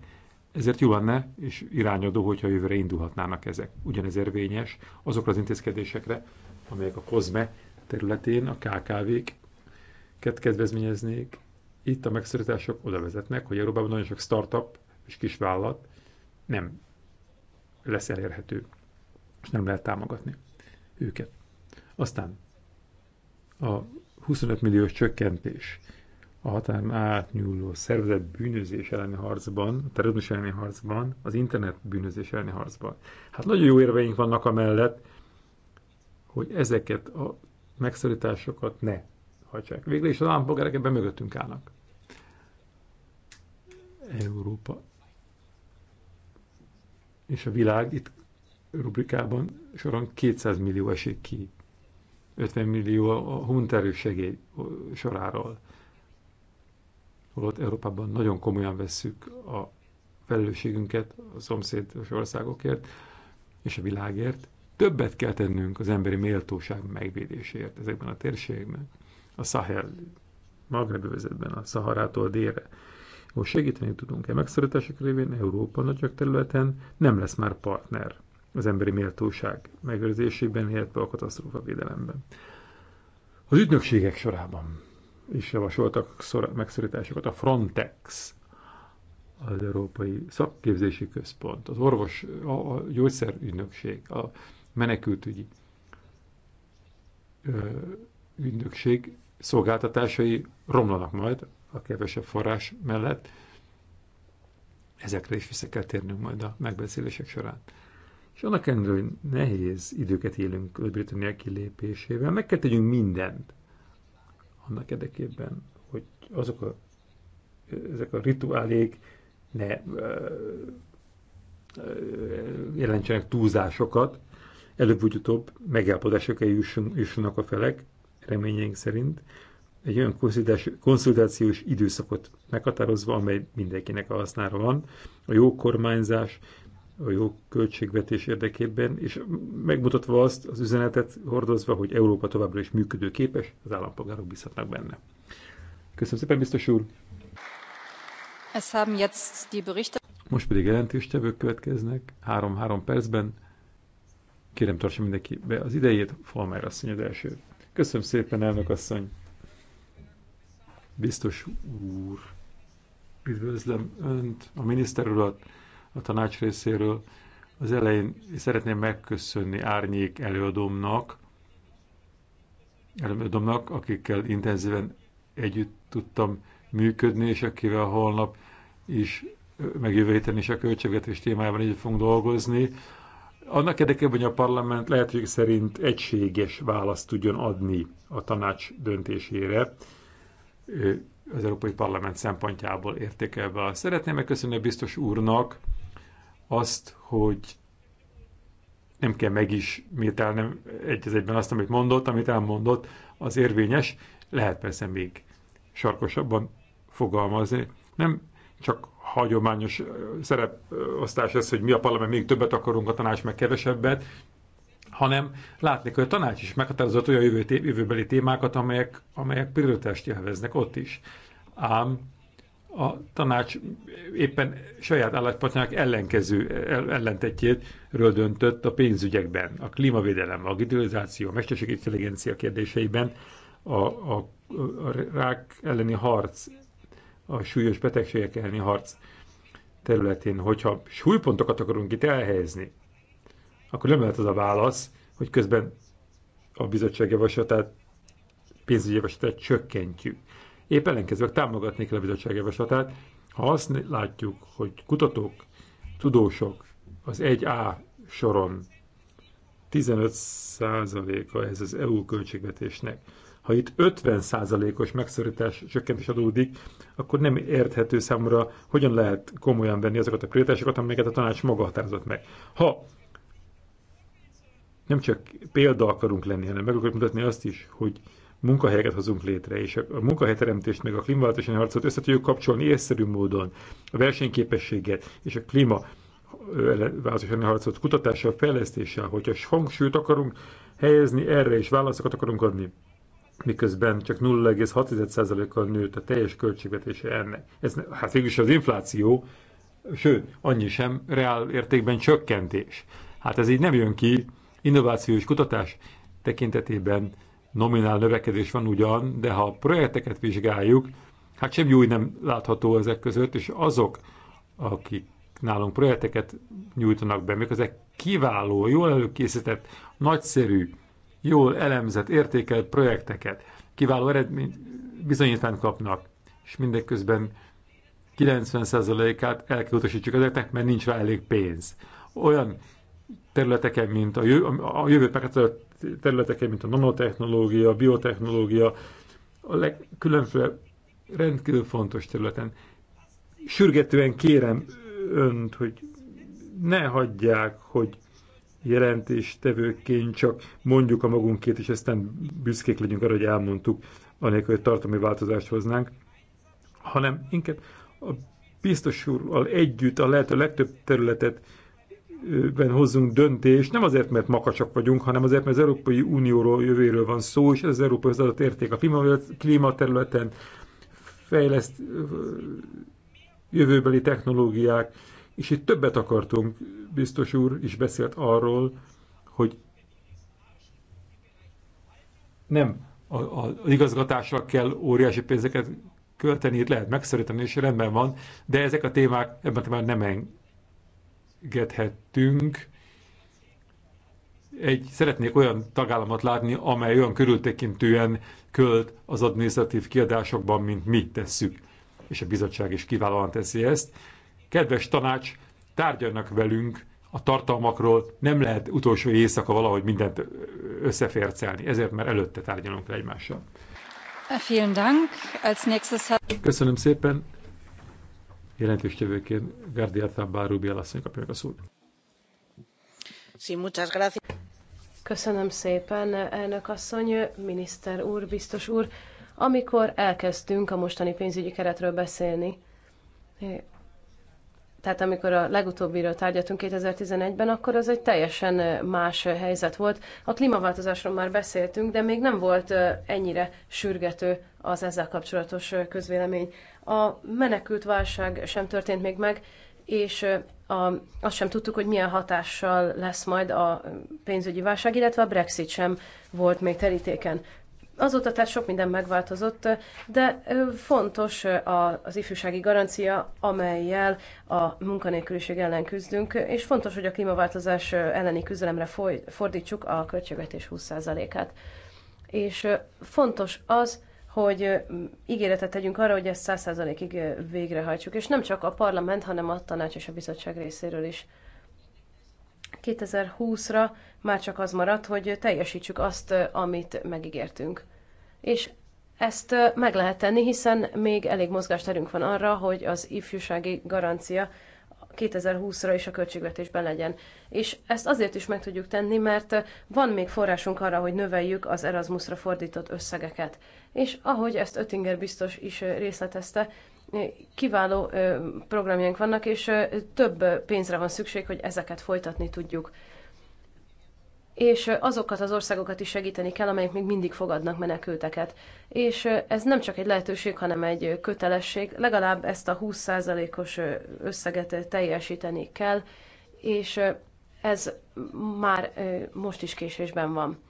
ezért jó lenne és irányadó, hogyha jövőre indulhatnának ezek. Ugyanez érvényes azokra az intézkedésekre, amelyek a COSME területén a KKV-ket kedvezményeznék. Itt a megszorítások oda vezetnek, hogy Európában nagyon sok startup és kisvállalat nem lesz elérhető, és nem lehet támogatni őket. Aztán a 25 milliós csökkentés a határon átnyúló szervezet bűnözés elleni harcban, a terrorizmus elleni harcban, az internet bűnözés elleni harcban. Hát nagyon jó érveink vannak amellett, hogy ezeket a megszorításokat ne hajtsák végre, és az állampolgárok ebben mögöttünk állnak. Európa és a világ itt rubrikában soron 200 millió esik ki. 50 millió a hunterő segély soráról. Holott Európában nagyon komolyan vesszük a felelősségünket a szomszédos országokért és a világért. Többet kell tennünk az emberi méltóság megvédéséért ezekben a térségben. A Sahel, Magreb a Szaharától délre, ahol segíteni tudunk-e megszorítások révén Európa nagyok területen, nem lesz már partner az emberi méltóság megőrzésében, illetve a katasztrófa védelemben. Az ügynökségek sorában is javasoltak megszorításokat. A Frontex, az Európai Szakképzési Központ, az orvos, a, a gyógyszerügynökség, a menekültügyi ö, ügynökség szolgáltatásai romlanak majd a kevesebb forrás mellett. Ezekre is vissza kell térnünk majd a megbeszélések során. És annak ellenére, hogy nehéz időket élünk a Britannia kilépésével, meg kell tegyünk mindent annak érdekében, hogy azok a, ezek a rituálék ne jelentsenek túlzásokat, előbb-ugyutóbb megállapodásokra jusson, jussanak a felek, reményeink szerint, egy olyan konszultációs időszakot meghatározva, amely mindenkinek a hasznára van, a jó kormányzás, a jó költségvetés érdekében, és megmutatva azt az üzenetet hordozva, hogy Európa továbbra is működőképes, az állampolgárok bízhatnak benne. Köszönöm szépen, biztos úr! Most pedig jelentéstevők következnek, három-három percben. Kérem, tartsa mindenki be az idejét, Falmer asszony az első. Köszönöm szépen, elnök asszony! Biztos úr, üdvözlöm Önt, a miniszter urat, a tanács részéről. Az elején szeretném megköszönni árnyék előadómnak, előadómnak, akikkel intenzíven együtt tudtam működni, és akivel holnap is megjövő héten is a költségvetés témájában így fogunk dolgozni. Annak érdekében, hogy a parlament lehetőség szerint egységes választ tudjon adni a tanács döntésére, az Európai Parlament szempontjából értékelve. Szeretném megköszönni a biztos úrnak azt, hogy nem kell meg is mételnem egy az egyben azt, amit mondott, amit elmondott, az érvényes, lehet persze még sarkosabban fogalmazni. Nem csak hagyományos szereposztás ez, hogy mi a parlament még többet akarunk, a tanács meg kevesebbet, hanem látni hogy a tanács is meghatározott olyan jövő, jövőbeli témákat, amelyek, amelyek prioritást jelveznek ott is. Ám a tanács éppen saját álláspontjának ellenkező ellentetjétről döntött a pénzügyekben, a klímavédelem, a digitalizáció, a mesterség intelligencia kérdéseiben, a, a, a rák elleni harc, a súlyos betegségek elleni harc területén, hogyha súlypontokat akarunk itt elhelyezni, akkor nem lehet az a válasz, hogy közben a bizottság javaslatát, pénzügyi javaslatát csökkentjük. Épp ellenkezőleg támogatni kell a bizottság javaslatát. Ha azt látjuk, hogy kutatók, tudósok az 1A soron 15%-a ez az EU költségvetésnek. Ha itt 50%-os megszorítás csökkentés adódik, akkor nem érthető számomra, hogyan lehet komolyan venni azokat a prioritásokat, amelyeket a tanács maga határozott meg. Ha nem csak példa akarunk lenni, hanem meg akarjuk mutatni azt is, hogy munkahelyeket hozunk létre, és a munkahelyteremtést meg a klímaváltozási harcot össze tudjuk kapcsolni észszerű módon, a versenyképességet és a klíma változási harcot kutatással, fejlesztéssel, hogyha hangsúlyt akarunk helyezni erre, és válaszokat akarunk adni, miközben csak 0,6%-kal nőtt a teljes költségvetése ennek. Ez, hát végülis az infláció, sőt, annyi sem reál értékben csökkentés. Hát ez így nem jön ki innovációs kutatás tekintetében nominál növekedés van ugyan, de ha a projekteket vizsgáljuk, hát semmi új nem látható ezek között, és azok, akik nálunk projekteket nyújtanak be, még ezek kiváló, jól előkészített, nagyszerű, jól elemzett, értékelt projekteket, kiváló eredményt bizonyítványt kapnak, és mindeközben 90%-át el kell utasítsuk ezeknek, mert nincs rá elég pénz. Olyan területeken, mint a, jövő, a jövőbe területeken, mint a nanotechnológia, a biotechnológia, a legkülönféle rendkívül fontos területen. Sürgetően kérem önt, hogy ne hagyják, hogy jelentéstevőként csak mondjuk a magunkét, és aztán büszkék legyünk arra, hogy elmondtuk, anélkül, hogy tartalmi változást hoznánk, hanem inkább a biztos úrral együtt a lehető legtöbb területet ben hozzunk döntést, nem azért, mert makacsak vagyunk, hanem azért, mert az Európai Unióról jövőről van szó, és ez az Európai adott érték a klímaterületen, fejleszt jövőbeli technológiák, és itt többet akartunk, biztos úr is beszélt arról, hogy nem a, az igazgatásra kell óriási pénzeket költeni, itt lehet megszerítani, és rendben van, de ezek a témák ebben a témában nem beszélgethettünk. Egy, szeretnék olyan tagállamot látni, amely olyan körültekintően költ az adminisztratív kiadásokban, mint mi tesszük. És a bizottság is kiválóan teszi ezt. Kedves tanács, tárgyalnak velünk a tartalmakról, nem lehet utolsó éjszaka valahogy mindent összefércelni, ezért már előtte tárgyalunk le egymással. Köszönöm szépen jelentős tevőként Gardiata Tábár Rubiel asszony kapja meg a szót. Köszönöm szépen, elnök asszony, miniszter úr, biztos úr. Amikor elkezdtünk a mostani pénzügyi keretről beszélni, tehát amikor a legutóbbiről tárgyaltunk 2011-ben, akkor az egy teljesen más helyzet volt. A klímaváltozásról már beszéltünk, de még nem volt ennyire sürgető az ezzel kapcsolatos közvélemény. A menekült válság sem történt még meg, és a, azt sem tudtuk, hogy milyen hatással lesz majd a pénzügyi válság, illetve a Brexit sem volt még terítéken. Azóta tehát sok minden megváltozott, de fontos az ifjúsági garancia, amelyel a munkanélküliség ellen küzdünk, és fontos, hogy a klímaváltozás elleni küzdelemre fordítsuk a költségvetés 20%-át. És fontos az, hogy ígéretet tegyünk arra, hogy ezt 100%-ig végrehajtsuk, és nem csak a parlament, hanem a tanács és a bizottság részéről is. 2020-ra már csak az maradt, hogy teljesítsük azt, amit megígértünk. És ezt meg lehet tenni, hiszen még elég mozgásterünk van arra, hogy az ifjúsági garancia 2020-ra is a költségvetésben legyen. És ezt azért is meg tudjuk tenni, mert van még forrásunk arra, hogy növeljük az Erasmusra fordított összegeket. És ahogy ezt Öttinger biztos is részletezte, kiváló programjaink vannak, és több pénzre van szükség, hogy ezeket folytatni tudjuk és azokat az országokat is segíteni kell, amelyek még mindig fogadnak menekülteket. És ez nem csak egy lehetőség, hanem egy kötelesség. Legalább ezt a 20%-os összeget teljesíteni kell, és ez már most is késésben van.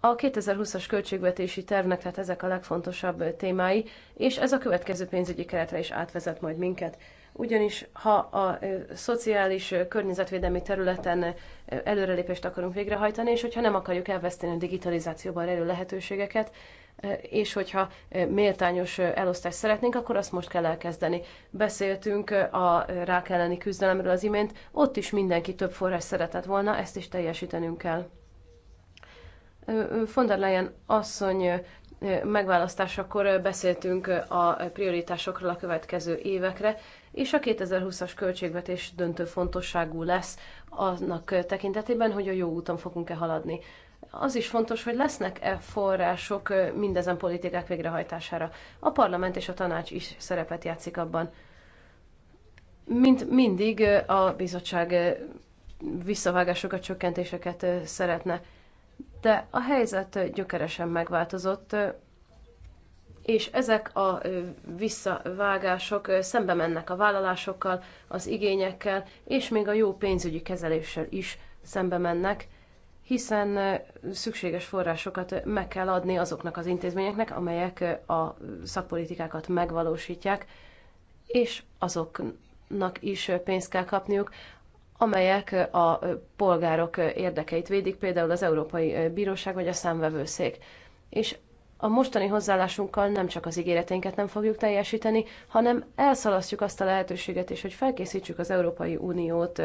A 2020-as költségvetési tervnek tehát ezek a legfontosabb témái, és ez a következő pénzügyi keretre is átvezet majd minket ugyanis ha a szociális környezetvédelmi területen előrelépést akarunk végrehajtani, és hogyha nem akarjuk elveszteni a digitalizációban rejlő lehetőségeket, és hogyha méltányos elosztást szeretnénk, akkor azt most kell elkezdeni. Beszéltünk a rák elleni küzdelemről az imént, ott is mindenki több forrás szeretett volna, ezt is teljesítenünk kell. Von der Leyen asszony megválasztásakor beszéltünk a prioritásokról a következő évekre, és a 2020-as költségvetés döntő fontosságú lesz annak tekintetében, hogy a jó úton fogunk-e haladni. Az is fontos, hogy lesznek-e források mindezen politikák végrehajtására. A parlament és a tanács is szerepet játszik abban. Mint mindig a bizottság visszavágásokat, csökkentéseket szeretne. De a helyzet gyökeresen megváltozott, és ezek a visszavágások szembe mennek a vállalásokkal, az igényekkel, és még a jó pénzügyi kezeléssel is szembe mennek, hiszen szükséges forrásokat meg kell adni azoknak az intézményeknek, amelyek a szakpolitikákat megvalósítják, és azoknak is pénzt kell kapniuk, amelyek a polgárok érdekeit védik, például az Európai Bíróság vagy a számvevőszék. És a mostani hozzáállásunkkal nem csak az ígéreteinket nem fogjuk teljesíteni, hanem elszalasztjuk azt a lehetőséget is, hogy felkészítsük az Európai Uniót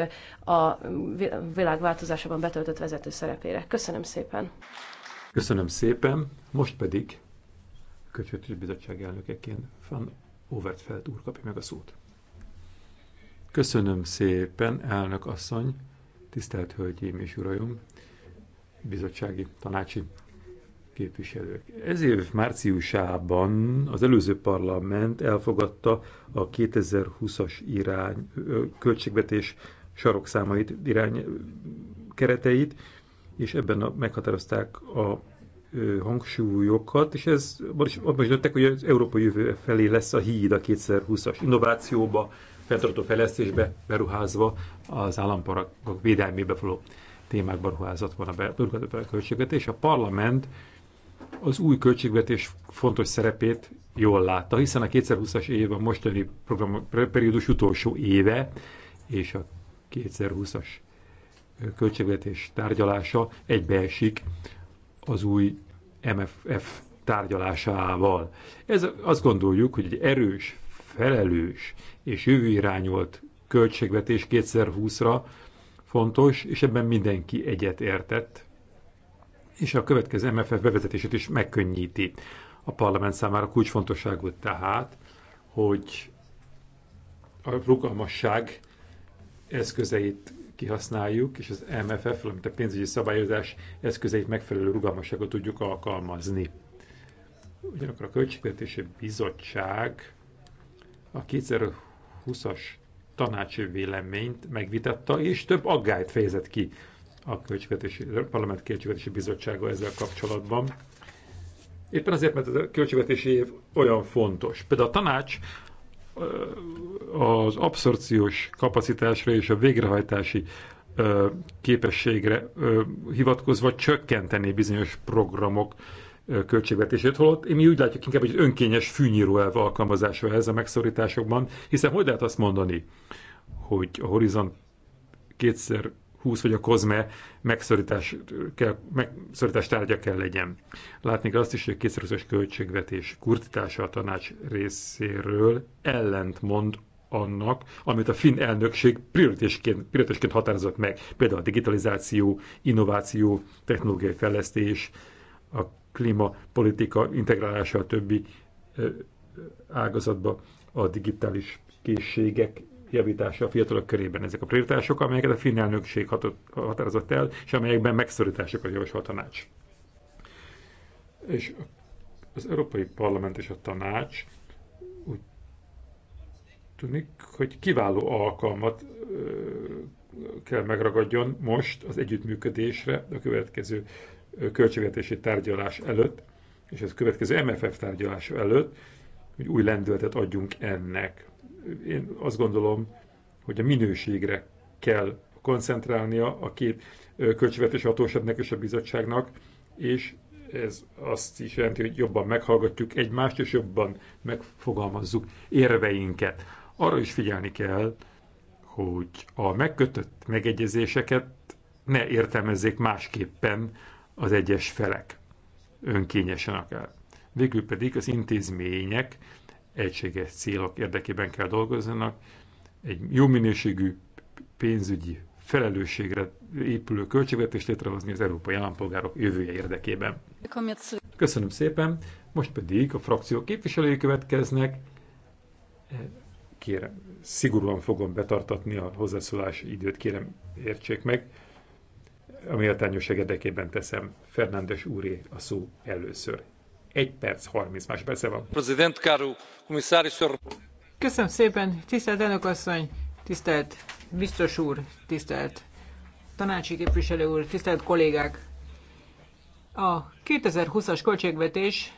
a világváltozásában betöltött vezető szerepére. Köszönöm szépen! Köszönöm szépen, most pedig Köcsötős Bizottság elnökeként Van Overtfeld úr kapja meg a szót. Köszönöm szépen, elnök asszony, tisztelt hölgyeim és uraim, bizottsági tanácsi képviselők. Ez év márciusában az előző parlament elfogadta a 2020-as irány, költségvetés sarokszámait, irány kereteit, és ebben a, meghatározták a hangsúlyokat, és ez abban is döntek, hogy az Európa jövő felé lesz a híd a 2020-as innovációba, feltartó fejlesztésbe beruházva, az államparak védelmébe való témákban ruházott van a költségvetés. A parlament az új költségvetés fontos szerepét jól látta, hiszen a 2020-as év a mostani program, periódus utolsó éve, és a 2020-as költségvetés tárgyalása egybeesik az új MFF tárgyalásával. Ez azt gondoljuk, hogy egy erős, felelős és jövőirányolt költségvetés 2020-ra fontos, és ebben mindenki egyet értett és a következő MFF bevezetését is megkönnyíti a parlament számára kulcsfontosságú tehát, hogy a rugalmasság eszközeit kihasználjuk, és az MFF, valamint a pénzügyi szabályozás eszközeit megfelelő rugalmasságot tudjuk alkalmazni. Ugyanakkor a Költségvetési Bizottság a 2020-as tanácsi véleményt megvitatta, és több aggályt fejezett ki a, költségvetési, a Parlament Költségvetési Bizottsága ezzel kapcsolatban. Éppen azért, mert a költségvetési év olyan fontos. Például a tanács az abszorciós kapacitásra és a végrehajtási képességre hivatkozva csökkenteni bizonyos programok költségvetését, holott mi úgy látjuk inkább, hogy önkényes fűnyíró elv alkalmazása ez a megszorításokban, hiszen hogy lehet azt mondani, hogy a Horizont kétszer 20 hogy a kozme megszorítás, kell, megszorítás tárgya kell legyen. Látni kell azt is, hogy a kétszerűzős költségvetés kurtítása a tanács részéről ellentmond annak, amit a finn elnökség prioritásként, prioritásként határozott meg, például a digitalizáció, innováció, technológiai fejlesztés, a klímapolitika integrálása a többi ágazatba, a digitális készségek javítása a fiatalok körében. Ezek a prioritások, amelyeket a finn elnökség határozott el, és amelyekben megszorításokat javasol a tanács. És az Európai Parlament és a tanács úgy tűnik, hogy kiváló alkalmat kell megragadjon most az együttműködésre a következő költségvetési tárgyalás előtt, és ez a következő MFF tárgyalás előtt, hogy új lendületet adjunk ennek én azt gondolom, hogy a minőségre kell koncentrálnia a két költségvetési hatóságnak és a bizottságnak, és ez azt is jelenti, hogy jobban meghallgatjuk egymást, és jobban megfogalmazzuk érveinket. Arra is figyelni kell, hogy a megkötött megegyezéseket ne értelmezzék másképpen az egyes felek, önkényesen akár. Végül pedig az intézmények egységes célok érdekében kell dolgozzanak, egy jó minőségű pénzügyi felelősségre épülő költségvetést létrehozni az európai állampolgárok jövője érdekében. Köszönöm szépen, most pedig a frakció képviselői következnek. Kérem, szigorúan fogom betartatni a hozzászólás időt, kérem értsék meg. A méltányosság érdekében teszem, Fernándes úré a szó először. 1 perc 30 másodperce van. Prezident Karu, komisszáris Köszönöm szépen, tisztelt elnökasszony, tisztelt biztos úr, tisztelt tanácsi képviselő úr, tisztelt kollégák! A 2020-as költségvetés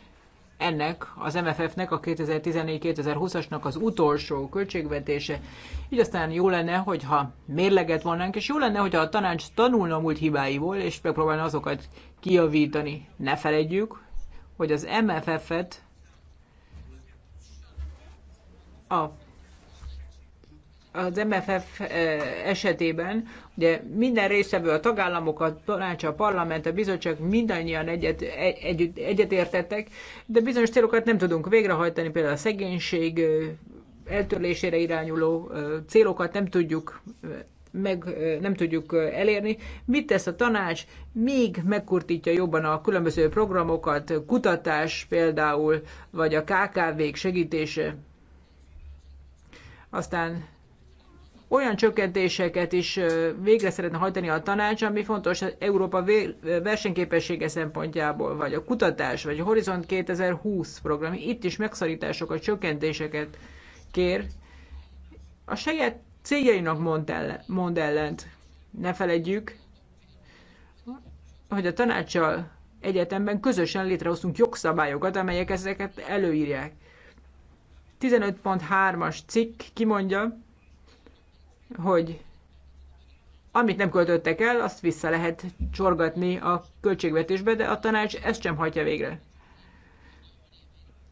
ennek az MFF-nek, a 2014-2020-asnak az utolsó költségvetése. Így aztán jó lenne, hogyha mérleget vonnánk, és jó lenne, hogyha a tanács tanulna a múlt hibáiból, és megpróbálna azokat kijavítani. Ne feledjük, hogy az MFF-et a az MFF eh, esetében ugye minden részevő a tagállamok, a tanács, a parlament, a bizottság mindannyian egyet, egy, egyetértettek, de bizonyos célokat nem tudunk végrehajtani, például a szegénység eh, eltörlésére irányuló eh, célokat nem tudjuk meg nem tudjuk elérni. Mit tesz a tanács? Még megkurtítja jobban a különböző programokat, kutatás például, vagy a KKV-k segítése. Aztán olyan csökkentéseket is végre szeretne hajtani a tanács, ami fontos Európa versenyképessége szempontjából, vagy a kutatás, vagy a Horizont 2020 program. Itt is megszorításokat, csökkentéseket kér. A saját céljainak mond, ellen, mond ellent. Ne feledjük, hogy a tanácssal egyetemben közösen létrehoztunk jogszabályokat, amelyek ezeket előírják. 15.3-as cikk kimondja, hogy amit nem költöttek el, azt vissza lehet csorgatni a költségvetésbe, de a tanács ezt sem hagyja végre.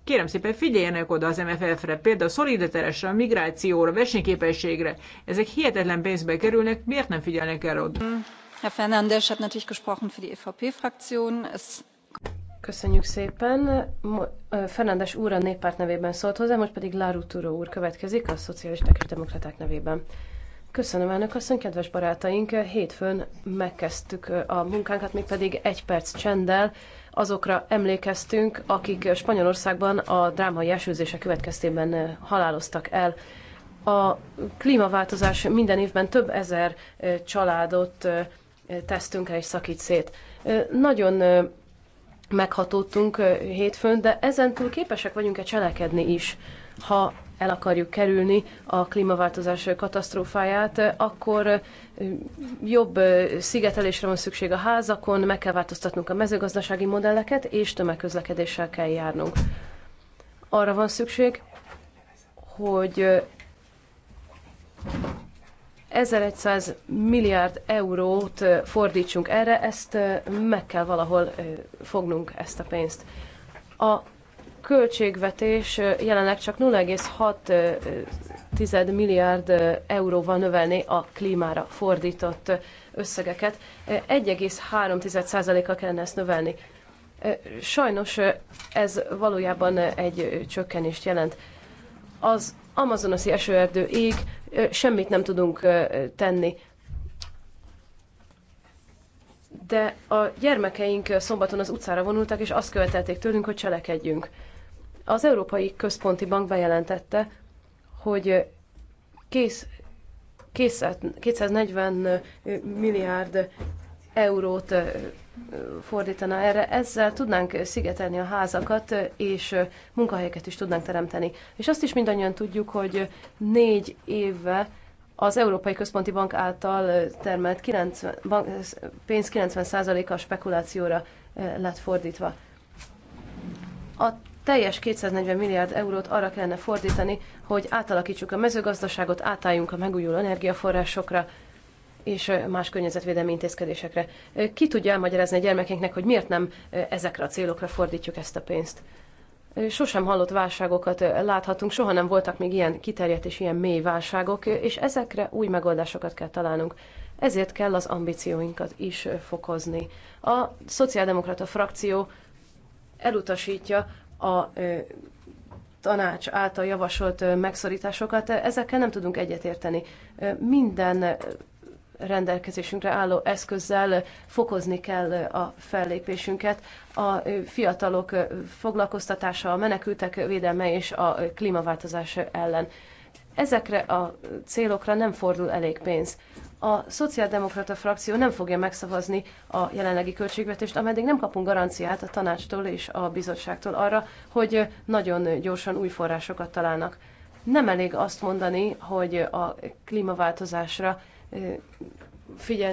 Kérem szépen figyeljenek oda az MFF-re, például a szolidateresre, a migrációra, a versenyképességre. Ezek hihetetlen pénzbe kerülnek, miért nem figyelnek el oda? Herr Fernandes hat natürlich gesprochen für die EVP-Fraktion. Köszönjük szépen. Fernandes úr a néppárt nevében szólt hozzá, most pedig Láru Turó úr következik a szocialisták és demokraták nevében. Köszönöm elnök asszony, kedves barátaink! Hétfőn megkezdtük a munkánkat, mégpedig egy perc csenddel azokra emlékeztünk, akik Spanyolországban a drámai esőzése következtében eh, haláloztak el. A klímaváltozás minden évben több ezer eh, családot eh, tesztünk el és szakít szét. Nagyon meghatódtunk hétfőn, de ezen túl képesek vagyunk-e cselekedni is. Ha el akarjuk kerülni a klímaváltozás katasztrófáját, akkor jobb szigetelésre van szükség a házakon, meg kell változtatnunk a mezőgazdasági modelleket, és tömegközlekedéssel kell járnunk. Arra van szükség, hogy 1100 milliárd eurót fordítsunk erre, ezt meg kell valahol fognunk ezt a pénzt. A költségvetés jelenleg csak 0,6 milliárd euróval növelné a klímára fordított összegeket. 13 a kellene ezt növelni. Sajnos ez valójában egy csökkenést jelent. Az amazonasi esőerdő ég, semmit nem tudunk tenni. De a gyermekeink szombaton az utcára vonultak, és azt követelték tőlünk, hogy cselekedjünk. Az Európai Központi Bank bejelentette, hogy kész, kész 240 milliárd eurót fordítana erre, ezzel tudnánk szigetelni a házakat, és munkahelyeket is tudnánk teremteni. És azt is mindannyian tudjuk, hogy négy évvel az Európai Központi Bank által termelt 90, pénz 90%-a spekulációra lett fordítva. A teljes 240 milliárd eurót arra kellene fordítani, hogy átalakítsuk a mezőgazdaságot, átálljunk a megújuló energiaforrásokra, és más környezetvédelmi intézkedésekre. Ki tudja elmagyarázni a gyermekeinknek, hogy miért nem ezekre a célokra fordítjuk ezt a pénzt? Sosem hallott válságokat láthatunk, soha nem voltak még ilyen kiterjedt és ilyen mély válságok, és ezekre új megoldásokat kell találnunk. Ezért kell az ambícióinkat is fokozni. A szociáldemokrata frakció elutasítja a tanács által javasolt megszorításokat, ezekkel nem tudunk egyetérteni. Minden rendelkezésünkre álló eszközzel fokozni kell a fellépésünket. A fiatalok foglalkoztatása, a menekültek védelme és a klímaváltozás ellen. Ezekre a célokra nem fordul elég pénz. A szociáldemokrata frakció nem fogja megszavazni a jelenlegi költségvetést, ameddig nem kapunk garanciát a tanácstól és a bizottságtól arra, hogy nagyon gyorsan új forrásokat találnak. Nem elég azt mondani, hogy a klímaváltozásra figyelni